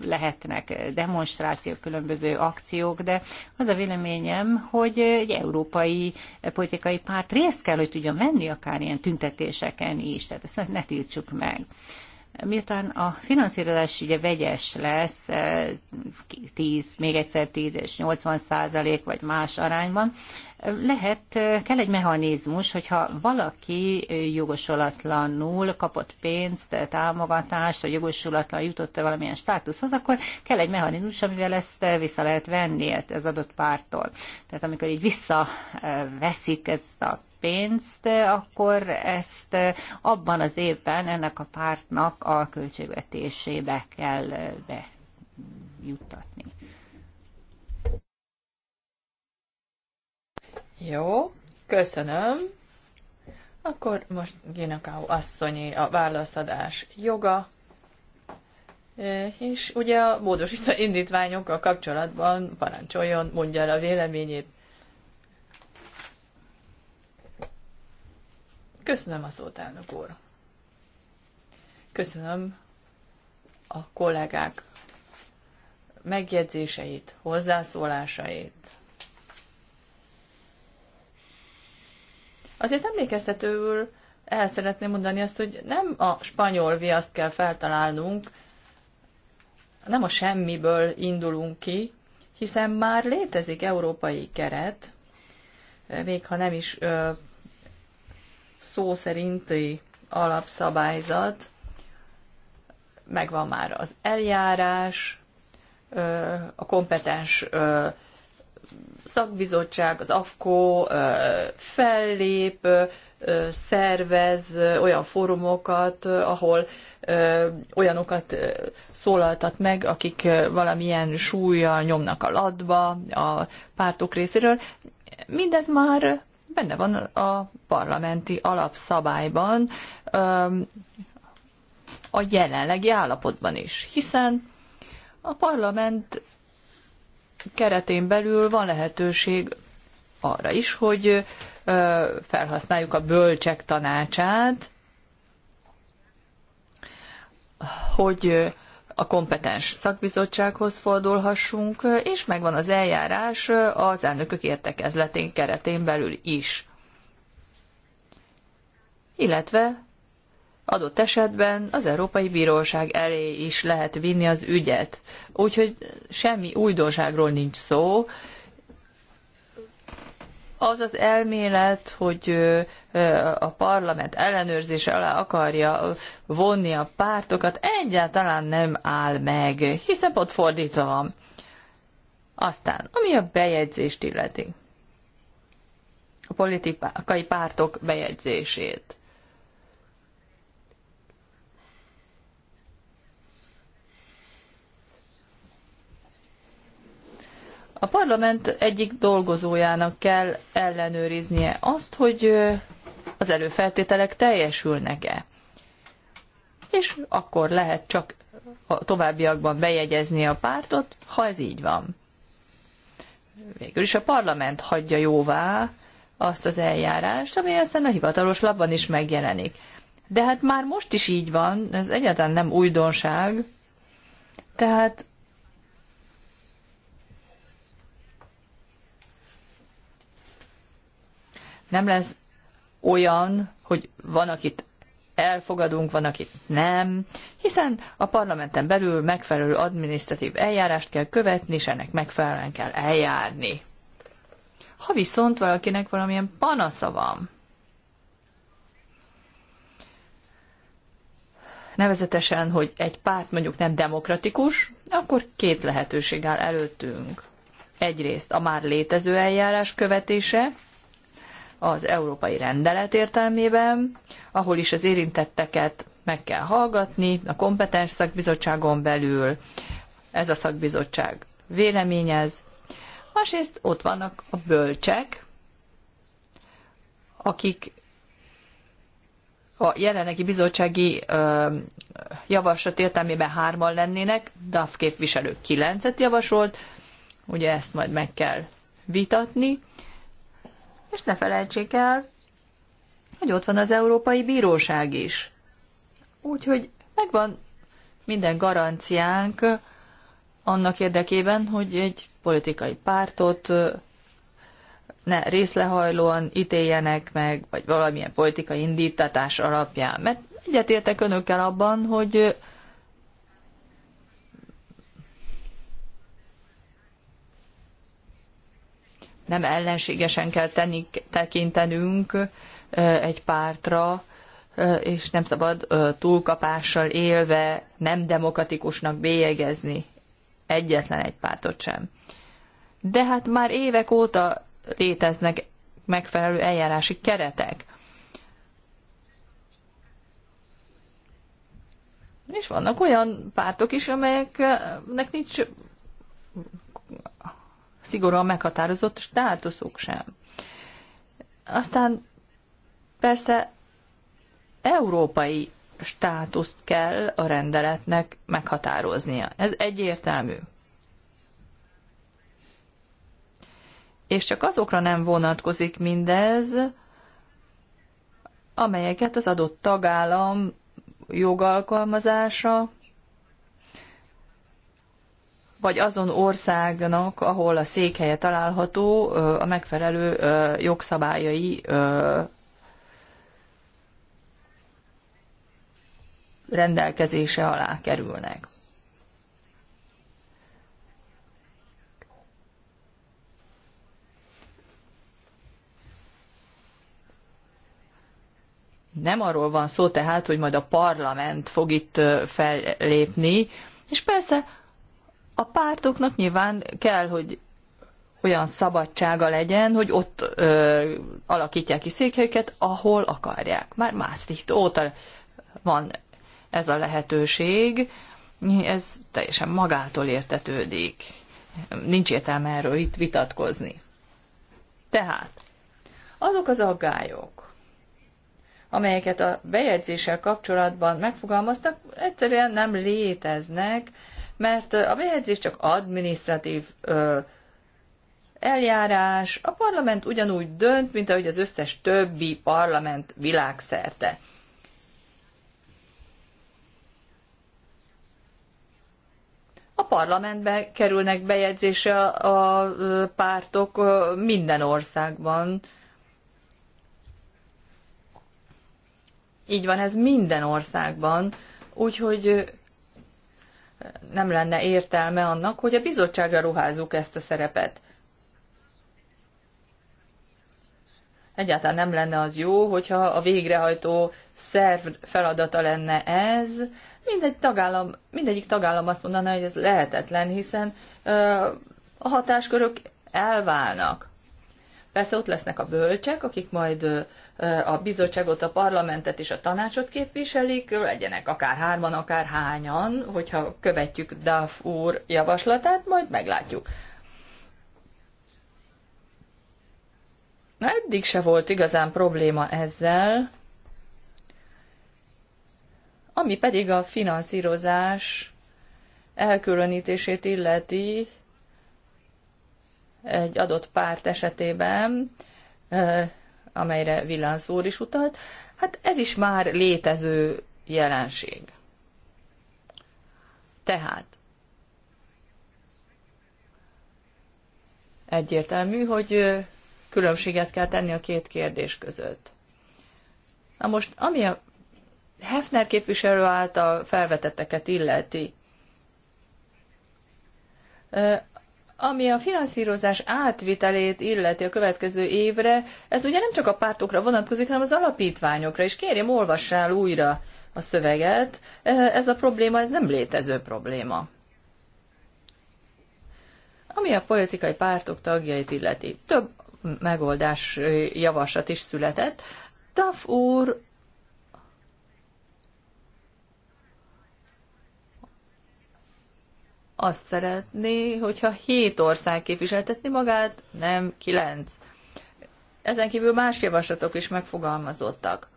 lehetnek demonstrációk, különböző akciók, de az a véleményem, hogy egy európai politikai párt részt kell, hogy tudjon venni akár ilyen tüntetéseken is, tehát ezt ne tiltsuk meg. Miután a finanszírozás ugye vegyes lesz, 10, még egyszer 10 és 80 százalék, vagy más arányban, lehet, kell egy mechanizmus, hogyha valaki jogosulatlanul kapott pénzt, támogatást, vagy jogosulatlan jutott valamilyen státuszhoz, akkor kell egy mechanizmus, amivel ezt vissza lehet venni hát az adott pártól. Tehát amikor így visszaveszik ezt a pénzt, akkor ezt abban az évben ennek a pártnak a költségvetésébe kell bejuttatni. Jó, köszönöm. Akkor most Génakau asszonyi a válaszadás joga, e, és ugye a módosító indítványokkal kapcsolatban parancsoljon, mondja el a véleményét. Köszönöm a szót, elnök úr. Köszönöm a kollégák megjegyzéseit, hozzászólásait Azért emlékeztetőül el szeretném mondani azt, hogy nem a spanyol viaszt kell feltalálnunk, nem a semmiből indulunk ki, hiszen már létezik európai keret, még ha nem is ö, szó szerinti alapszabályzat, megvan már az eljárás, ö, a kompetens ö, szakbizottság, az AFKO fellép, szervez olyan fórumokat, ahol olyanokat szólaltat meg, akik valamilyen súlyjal nyomnak a latba a pártok részéről. Mindez már benne van a parlamenti alapszabályban, a jelenlegi állapotban is, hiszen a parlament keretén belül van lehetőség arra is, hogy felhasználjuk a bölcsek tanácsát, hogy a kompetens szakbizottsághoz fordulhassunk, és megvan az eljárás az elnökök értekezletén keretén belül is. Illetve adott esetben az Európai Bíróság elé is lehet vinni az ügyet. Úgyhogy semmi újdonságról nincs szó. Az az elmélet, hogy a parlament ellenőrzése alá akarja vonni a pártokat, egyáltalán nem áll meg, hiszen ott fordítva van. Aztán, ami a bejegyzést illeti, a politikai pártok bejegyzését A parlament egyik dolgozójának kell ellenőriznie azt, hogy az előfeltételek teljesülnek-e. És akkor lehet csak a továbbiakban bejegyezni a pártot, ha ez így van. Végül is a parlament hagyja jóvá azt az eljárást, ami aztán a hivatalos labban is megjelenik. De hát már most is így van, ez egyáltalán nem újdonság. Tehát nem lesz olyan, hogy van, akit elfogadunk, van, akit nem, hiszen a parlamenten belül megfelelő adminisztratív eljárást kell követni, és ennek megfelelően kell eljárni. Ha viszont valakinek valamilyen panasza van, nevezetesen, hogy egy párt mondjuk nem demokratikus, akkor két lehetőség áll előttünk. Egyrészt a már létező eljárás követése, az európai rendelet értelmében, ahol is az érintetteket meg kell hallgatni a kompetens szakbizottságon belül, ez a szakbizottság véleményez. Másrészt ott vannak a bölcsek, akik a jelenlegi bizottsági ö, javaslat értelmében hárman lennének, DAF képviselő kilencet javasolt, ugye ezt majd meg kell vitatni, és ne felejtsék el, hogy ott van az Európai Bíróság is. Úgyhogy megvan minden garanciánk annak érdekében, hogy egy politikai pártot ne részlehajlóan ítéljenek meg, vagy valamilyen politikai indítatás alapján. Mert egyetértek önökkel abban, hogy nem ellenségesen kell tenni, tekintenünk egy pártra, és nem szabad túlkapással élve nem demokratikusnak bélyegezni egyetlen egy pártot sem. De hát már évek óta léteznek megfelelő eljárási keretek. És vannak olyan pártok is, amelyeknek nincs szigorúan meghatározott státuszuk sem. Aztán persze európai státuszt kell a rendeletnek meghatároznia. Ez egyértelmű. És csak azokra nem vonatkozik mindez, amelyeket az adott tagállam jogalkalmazása vagy azon országnak, ahol a székhelye található, a megfelelő jogszabályai rendelkezése alá kerülnek. Nem arról van szó tehát, hogy majd a parlament fog itt fellépni, és persze a pártoknak nyilván kell, hogy olyan szabadsága legyen, hogy ott ö, alakítják ki székhelyeket, ahol akarják. Már Maastricht óta van ez a lehetőség, ez teljesen magától értetődik. Nincs értelme erről itt vitatkozni. Tehát, azok az aggályok, amelyeket a bejegyzéssel kapcsolatban megfogalmaztak, egyszerűen nem léteznek, mert a bejegyzés csak administratív ö, eljárás, a parlament ugyanúgy dönt, mint ahogy az összes többi parlament világszerte. A parlamentbe kerülnek bejegyzése a pártok minden országban. Így van, ez minden országban. Úgyhogy nem lenne értelme annak, hogy a bizottságra ruházzuk ezt a szerepet. Egyáltalán nem lenne az jó, hogyha a végrehajtó szerv feladata lenne ez. Mindegy tagállam, mindegyik tagállam azt mondaná, hogy ez lehetetlen, hiszen ö, a hatáskörök elválnak. Persze ott lesznek a bölcsek, akik majd a bizottságot, a parlamentet és a tanácsot képviselik, legyenek akár hárman, akár hányan, hogyha követjük DAF úr javaslatát, majd meglátjuk. Na, eddig se volt igazán probléma ezzel, ami pedig a finanszírozás elkülönítését illeti egy adott párt esetében, amelyre Villansz úr is utalt, hát ez is már létező jelenség. Tehát egyértelmű, hogy különbséget kell tenni a két kérdés között. Na most, ami a Hefner képviselő által felvetetteket illeti, ami a finanszírozás átvitelét illeti a következő évre, ez ugye nem csak a pártokra vonatkozik, hanem az alapítványokra, is. kérjem, olvassál újra a szöveget. E, ez a probléma, ez nem létező probléma. Ami a politikai pártok tagjait illeti, több megoldás javaslat is született. Taf úr azt szeretné, hogyha hét ország képviseltetni magát, nem kilenc. Ezen kívül más javaslatok is megfogalmazottak.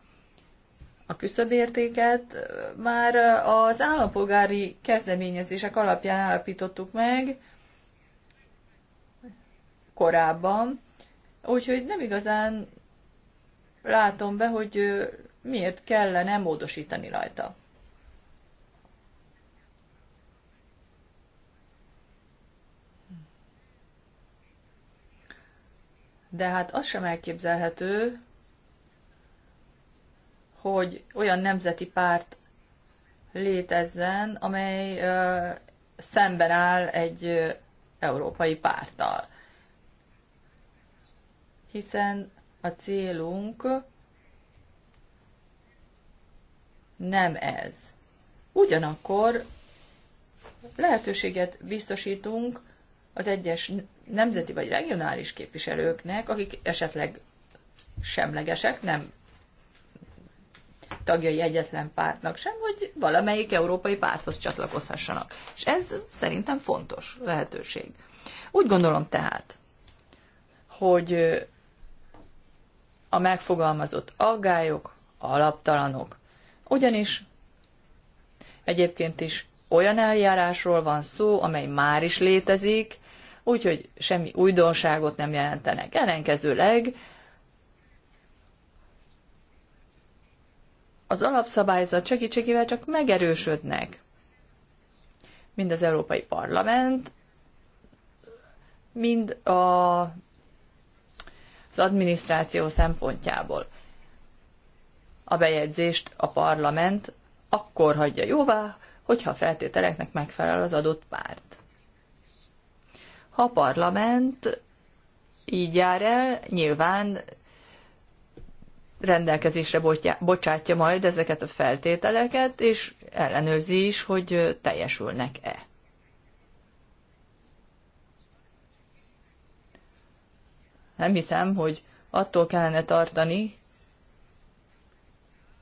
A küszöbértéket már az állampolgári kezdeményezések alapján állapítottuk meg korábban, úgyhogy nem igazán látom be, hogy miért kellene módosítani rajta. de hát az sem elképzelhető, hogy olyan nemzeti párt létezzen, amely ö, szemben áll egy ö, európai párttal. Hiszen a célunk nem ez. Ugyanakkor lehetőséget biztosítunk az egyes nemzeti vagy regionális képviselőknek, akik esetleg semlegesek, nem tagjai egyetlen pártnak sem, hogy valamelyik európai párthoz csatlakozhassanak. És ez szerintem fontos lehetőség. Úgy gondolom tehát, hogy a megfogalmazott aggályok alaptalanok. Ugyanis egyébként is olyan eljárásról van szó, amely már is létezik, úgyhogy semmi újdonságot nem jelentenek. Ellenkezőleg az alapszabályzat segítségével csak megerősödnek. Mind az Európai Parlament, mind a, az adminisztráció szempontjából. A bejegyzést a parlament akkor hagyja jóvá, hogyha a feltételeknek megfelel az adott párt. A parlament így jár el, nyilván rendelkezésre bocsátja majd ezeket a feltételeket, és ellenőrzi is, hogy teljesülnek-e. Nem hiszem, hogy attól kellene tartani,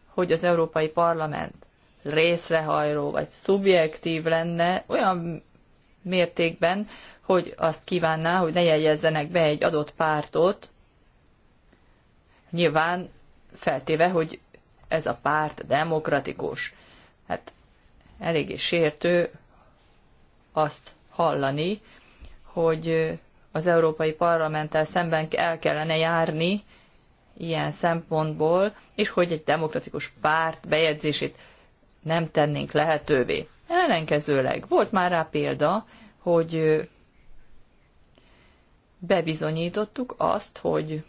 hogy az Európai Parlament részrehajló vagy szubjektív lenne olyan mértékben, hogy azt kívánná, hogy ne jegyezzenek be egy adott pártot, nyilván feltéve, hogy ez a párt demokratikus. Hát eléggé sértő azt hallani, hogy az Európai Parlamenttel szemben el kellene járni ilyen szempontból, és hogy egy demokratikus párt bejegyzését nem tennénk lehetővé. Ellenkezőleg volt már rá példa, hogy bebizonyítottuk azt, hogy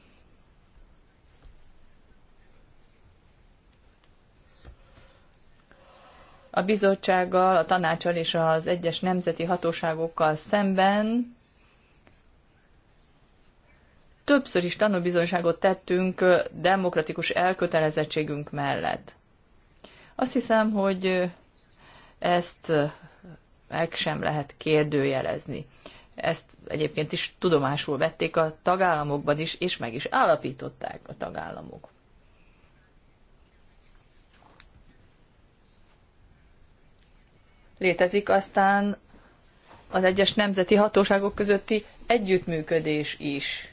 a bizottsággal, a tanácsal és az egyes nemzeti hatóságokkal szemben többször is tanúbizonyságot tettünk demokratikus elkötelezettségünk mellett. Azt hiszem, hogy ezt meg sem lehet kérdőjelezni. Ezt egyébként is tudomásul vették a tagállamokban is, és meg is állapították a tagállamok. Létezik aztán az egyes nemzeti hatóságok közötti együttműködés is.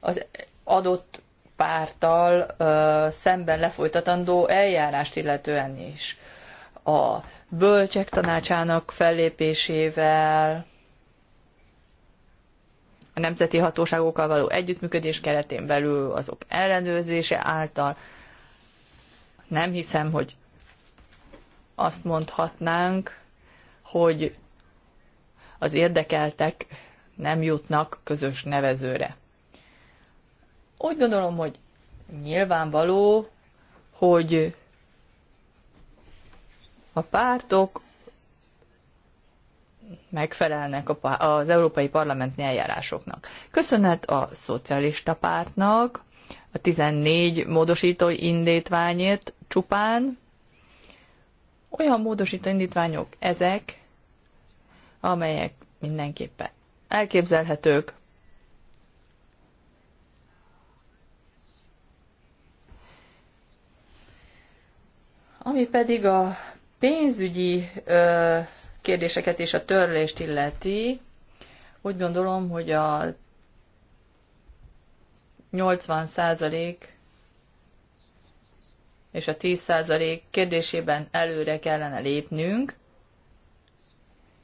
Az adott párttal uh, szemben lefolytatandó eljárást illetően is a bölcsek tanácsának fellépésével, a nemzeti hatóságokkal való együttműködés keretén belül, azok ellenőrzése által. Nem hiszem, hogy azt mondhatnánk, hogy az érdekeltek nem jutnak közös nevezőre. Úgy gondolom, hogy nyilvánvaló, hogy a pártok megfelelnek az Európai Parlamenti eljárásoknak. Köszönet a Szocialista Pártnak a 14 módosító indítványért csupán. Olyan módosító indítványok ezek, amelyek mindenképpen elképzelhetők. Ami pedig a pénzügyi ö, kérdéseket és a törlést illeti, úgy gondolom, hogy a 80 százalék és a 10 százalék kérdésében előre kellene lépnünk,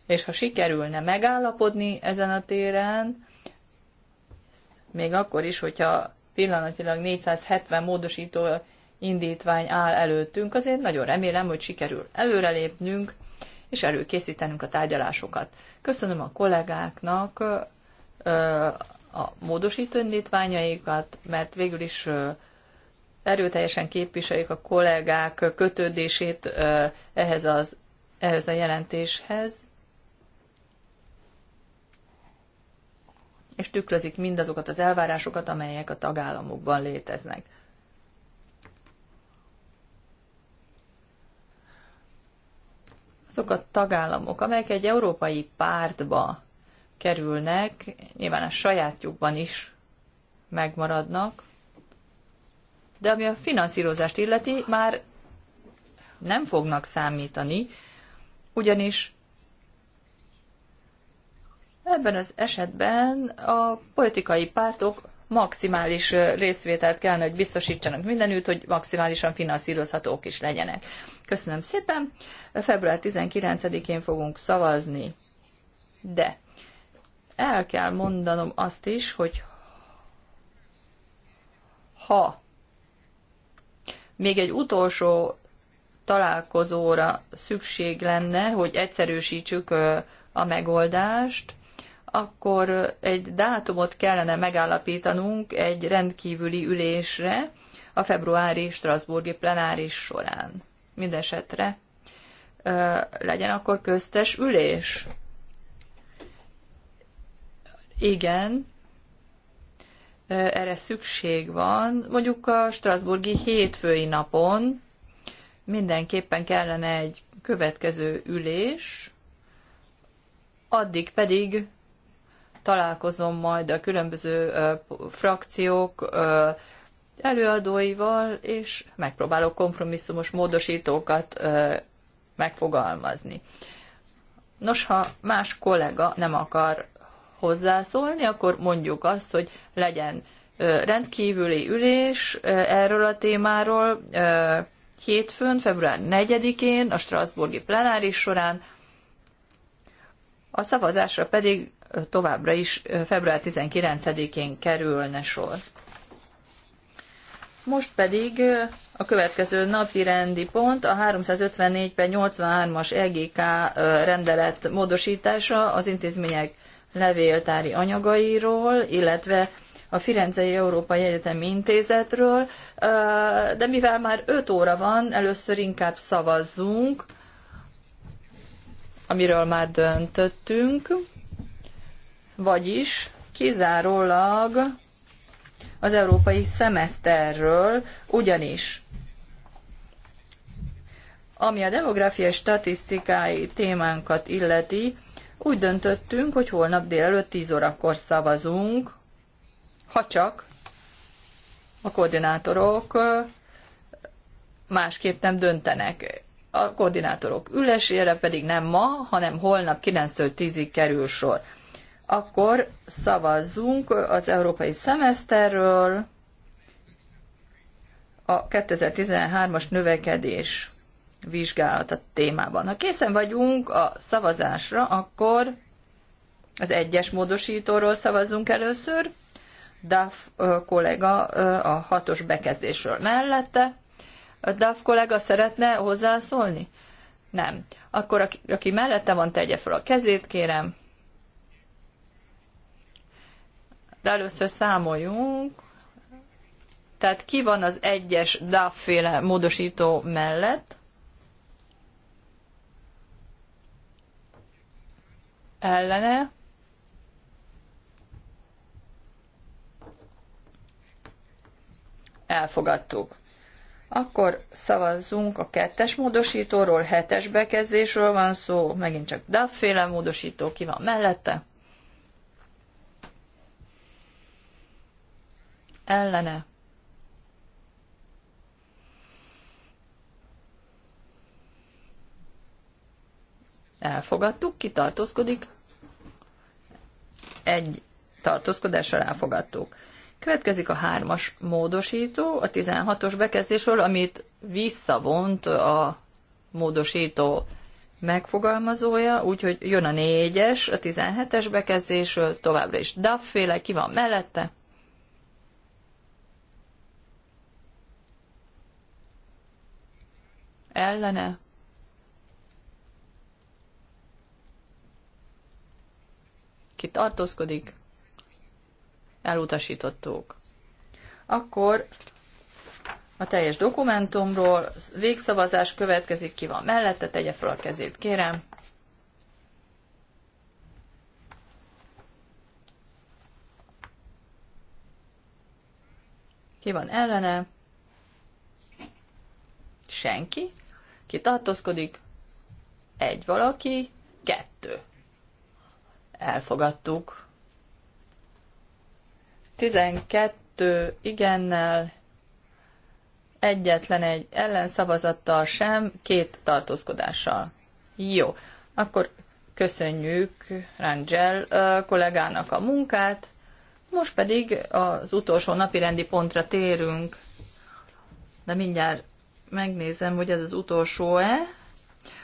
és ha sikerülne megállapodni ezen a téren, még akkor is, hogyha pillanatilag 470 módosító indítvány áll előttünk, azért nagyon remélem, hogy sikerül előrelépnünk, és előkészítenünk a tárgyalásokat. Köszönöm a kollégáknak a módosító indítványaikat, mert végül is erőteljesen képviselik a kollégák kötődését ehhez, az, ehhez a jelentéshez, és tükrözik mindazokat az elvárásokat, amelyek a tagállamokban léteznek. azok a tagállamok, amelyek egy európai pártba kerülnek, nyilván a sajátjukban is megmaradnak, de ami a finanszírozást illeti, már nem fognak számítani, ugyanis ebben az esetben a politikai pártok maximális részvételt kellene, hogy biztosítsanak mindenütt, hogy maximálisan finanszírozhatók is legyenek. Köszönöm szépen. Február 19-én fogunk szavazni, de el kell mondanom azt is, hogy ha még egy utolsó találkozóra szükség lenne, hogy egyszerűsítsük a megoldást, akkor egy dátumot kellene megállapítanunk egy rendkívüli ülésre a februári Strasburgi plenáris során. Mindenesetre legyen akkor köztes ülés. Igen, erre szükség van. Mondjuk a Strasburgi hétfői napon mindenképpen kellene egy következő ülés, addig pedig találkozom majd a különböző frakciók előadóival, és megpróbálok kompromisszumos módosítókat megfogalmazni. Nos, ha más kollega nem akar hozzászólni, akkor mondjuk azt, hogy legyen rendkívüli ülés erről a témáról hétfőn, február 4-én a Strasburgi plenáris során, a szavazásra pedig továbbra is február 19-én kerülne sor. Most pedig a következő napi rendi pont a 354-ben 83-as EGK rendelet módosítása az intézmények levéltári anyagairól, illetve a Firenzei Európai Egyetemi Intézetről, de mivel már 5 óra van, először inkább szavazzunk, amiről már döntöttünk vagyis kizárólag az európai szemeszterről, ugyanis ami a demográfiai statisztikai témánkat illeti, úgy döntöttünk, hogy holnap délelőtt 10 órakor szavazunk, ha csak a koordinátorok másképp nem döntenek. A koordinátorok ülésére pedig nem ma, hanem holnap 9-től 10-ig kerül sor akkor szavazzunk az európai szemeszterről, a 2013-as növekedés vizsgálata témában. Ha készen vagyunk a szavazásra, akkor az egyes módosítóról szavazzunk először, DAF kollega a hatos bekezdésről mellette. A DAF kollega szeretne hozzászólni? Nem. Akkor aki, aki mellette van, tegye fel a kezét, kérem. de először számoljunk. Tehát ki van az egyes DAF-féle módosító mellett? Ellene? Elfogadtuk. Akkor szavazzunk a kettes módosítóról, hetes bekezdésről van szó, megint csak DAF-féle módosító, ki van mellette? ellene. Elfogadtuk, ki tartózkodik. Egy tartózkodással elfogadtuk. Következik a hármas módosító, a 16-os bekezdésről, amit visszavont a módosító megfogalmazója, úgyhogy jön a négyes, a 17-es bekezdésről, továbbra is Duff-féle, ki van mellette, ellene. Ki tartózkodik, elutasítottuk. Akkor a teljes dokumentumról végszavazás következik, ki van mellette, tegye fel a kezét, kérem. Ki van ellene? Senki. Ki tartózkodik? Egy valaki, kettő. Elfogadtuk. 12 igennel, egyetlen egy ellenszavazattal sem, két tartózkodással. Jó, akkor köszönjük Rangel kollégának a munkát, most pedig az utolsó napi rendi pontra térünk, de mindjárt megnézem, hogy ez az utolsó-e.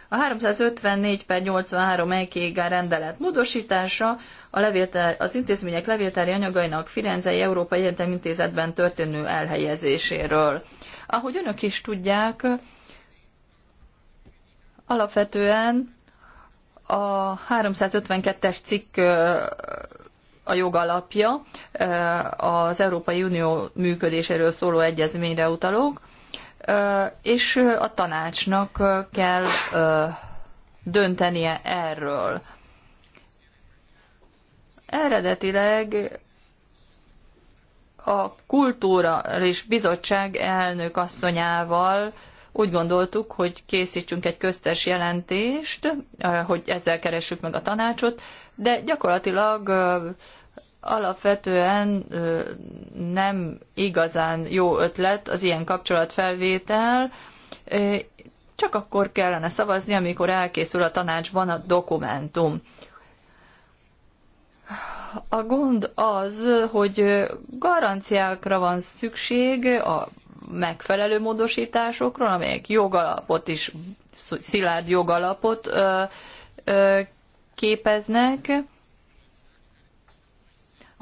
A 354 per 83 EKG rendelet módosítása a levéltár, az intézmények levéltári anyagainak Firenzei Európai Egyetem Intézetben történő elhelyezéséről. Ahogy önök is tudják, alapvetően a 352-es cikk a jogalapja az Európai Unió működéséről szóló egyezményre utalok, és a tanácsnak kell döntenie erről. Eredetileg a kultúra és bizottság elnök asszonyával úgy gondoltuk, hogy készítsünk egy köztes jelentést, hogy ezzel keressük meg a tanácsot, de gyakorlatilag alapvetően nem igazán jó ötlet az ilyen kapcsolatfelvétel, csak akkor kellene szavazni, amikor elkészül a tanácsban a dokumentum. A gond az, hogy garanciákra van szükség a megfelelő módosításokról, amelyek jogalapot is, szilárd jogalapot képeznek,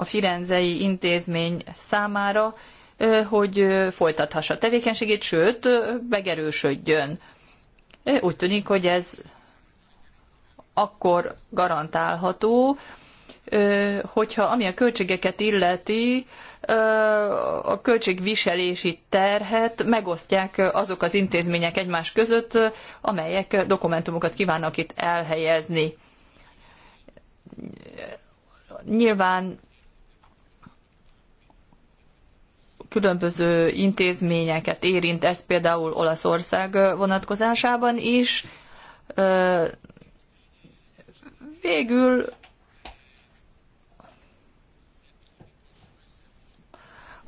a Firenzei intézmény számára, hogy folytathassa a tevékenységét, sőt, megerősödjön. Úgy tűnik, hogy ez akkor garantálható, hogyha ami a költségeket illeti, a költségviselési terhet megosztják azok az intézmények egymás között, amelyek dokumentumokat kívánnak itt elhelyezni. Nyilván különböző intézményeket érint, ez például Olaszország vonatkozásában is. Végül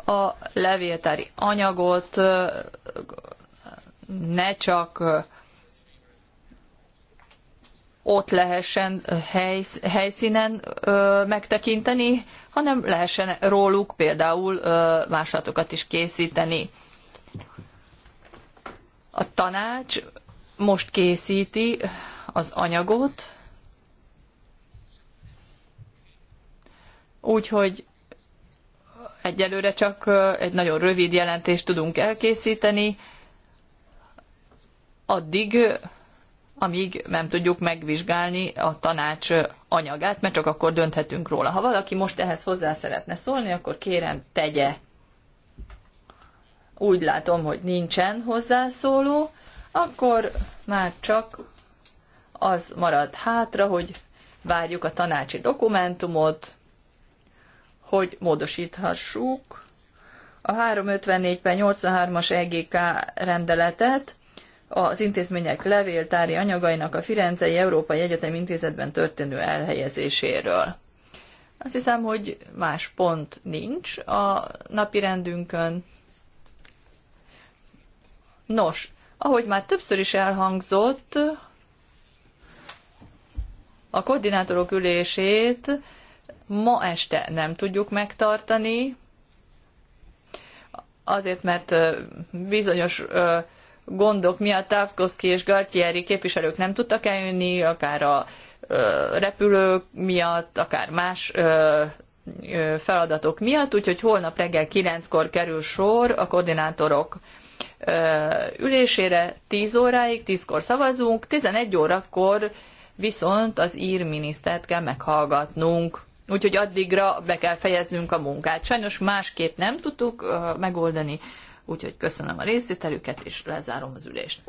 a levéltári anyagot ne csak ott lehessen helyszínen megtekinteni, hanem lehessen róluk például másolatokat is készíteni. A tanács most készíti az anyagot, úgyhogy egyelőre csak egy nagyon rövid jelentést tudunk elkészíteni, addig amíg nem tudjuk megvizsgálni a tanács anyagát, mert csak akkor dönthetünk róla. Ha valaki most ehhez hozzá szeretne szólni, akkor kérem, tegye. Úgy látom, hogy nincsen hozzászóló, akkor már csak az marad hátra, hogy várjuk a tanácsi dokumentumot, hogy módosíthassuk a 354 83-as EGK rendeletet, az intézmények levéltári anyagainak a Firenzei Európai Egyetem Intézetben történő elhelyezéséről. Azt hiszem, hogy más pont nincs a napi rendünkön. Nos, ahogy már többször is elhangzott, a koordinátorok ülését ma este nem tudjuk megtartani, azért mert bizonyos gondok miatt Távszkoszki és Galtieri képviselők nem tudtak eljönni, akár a repülők miatt, akár más feladatok miatt, úgyhogy holnap reggel 9-kor kerül sor a koordinátorok ülésére 10 óráig, 10-kor szavazunk, 11 órakor viszont az ír minisztert kell meghallgatnunk. Úgyhogy addigra be kell fejeznünk a munkát. Sajnos másképp nem tudtuk megoldani Úgyhogy köszönöm a részvételüket, és lezárom az ülést.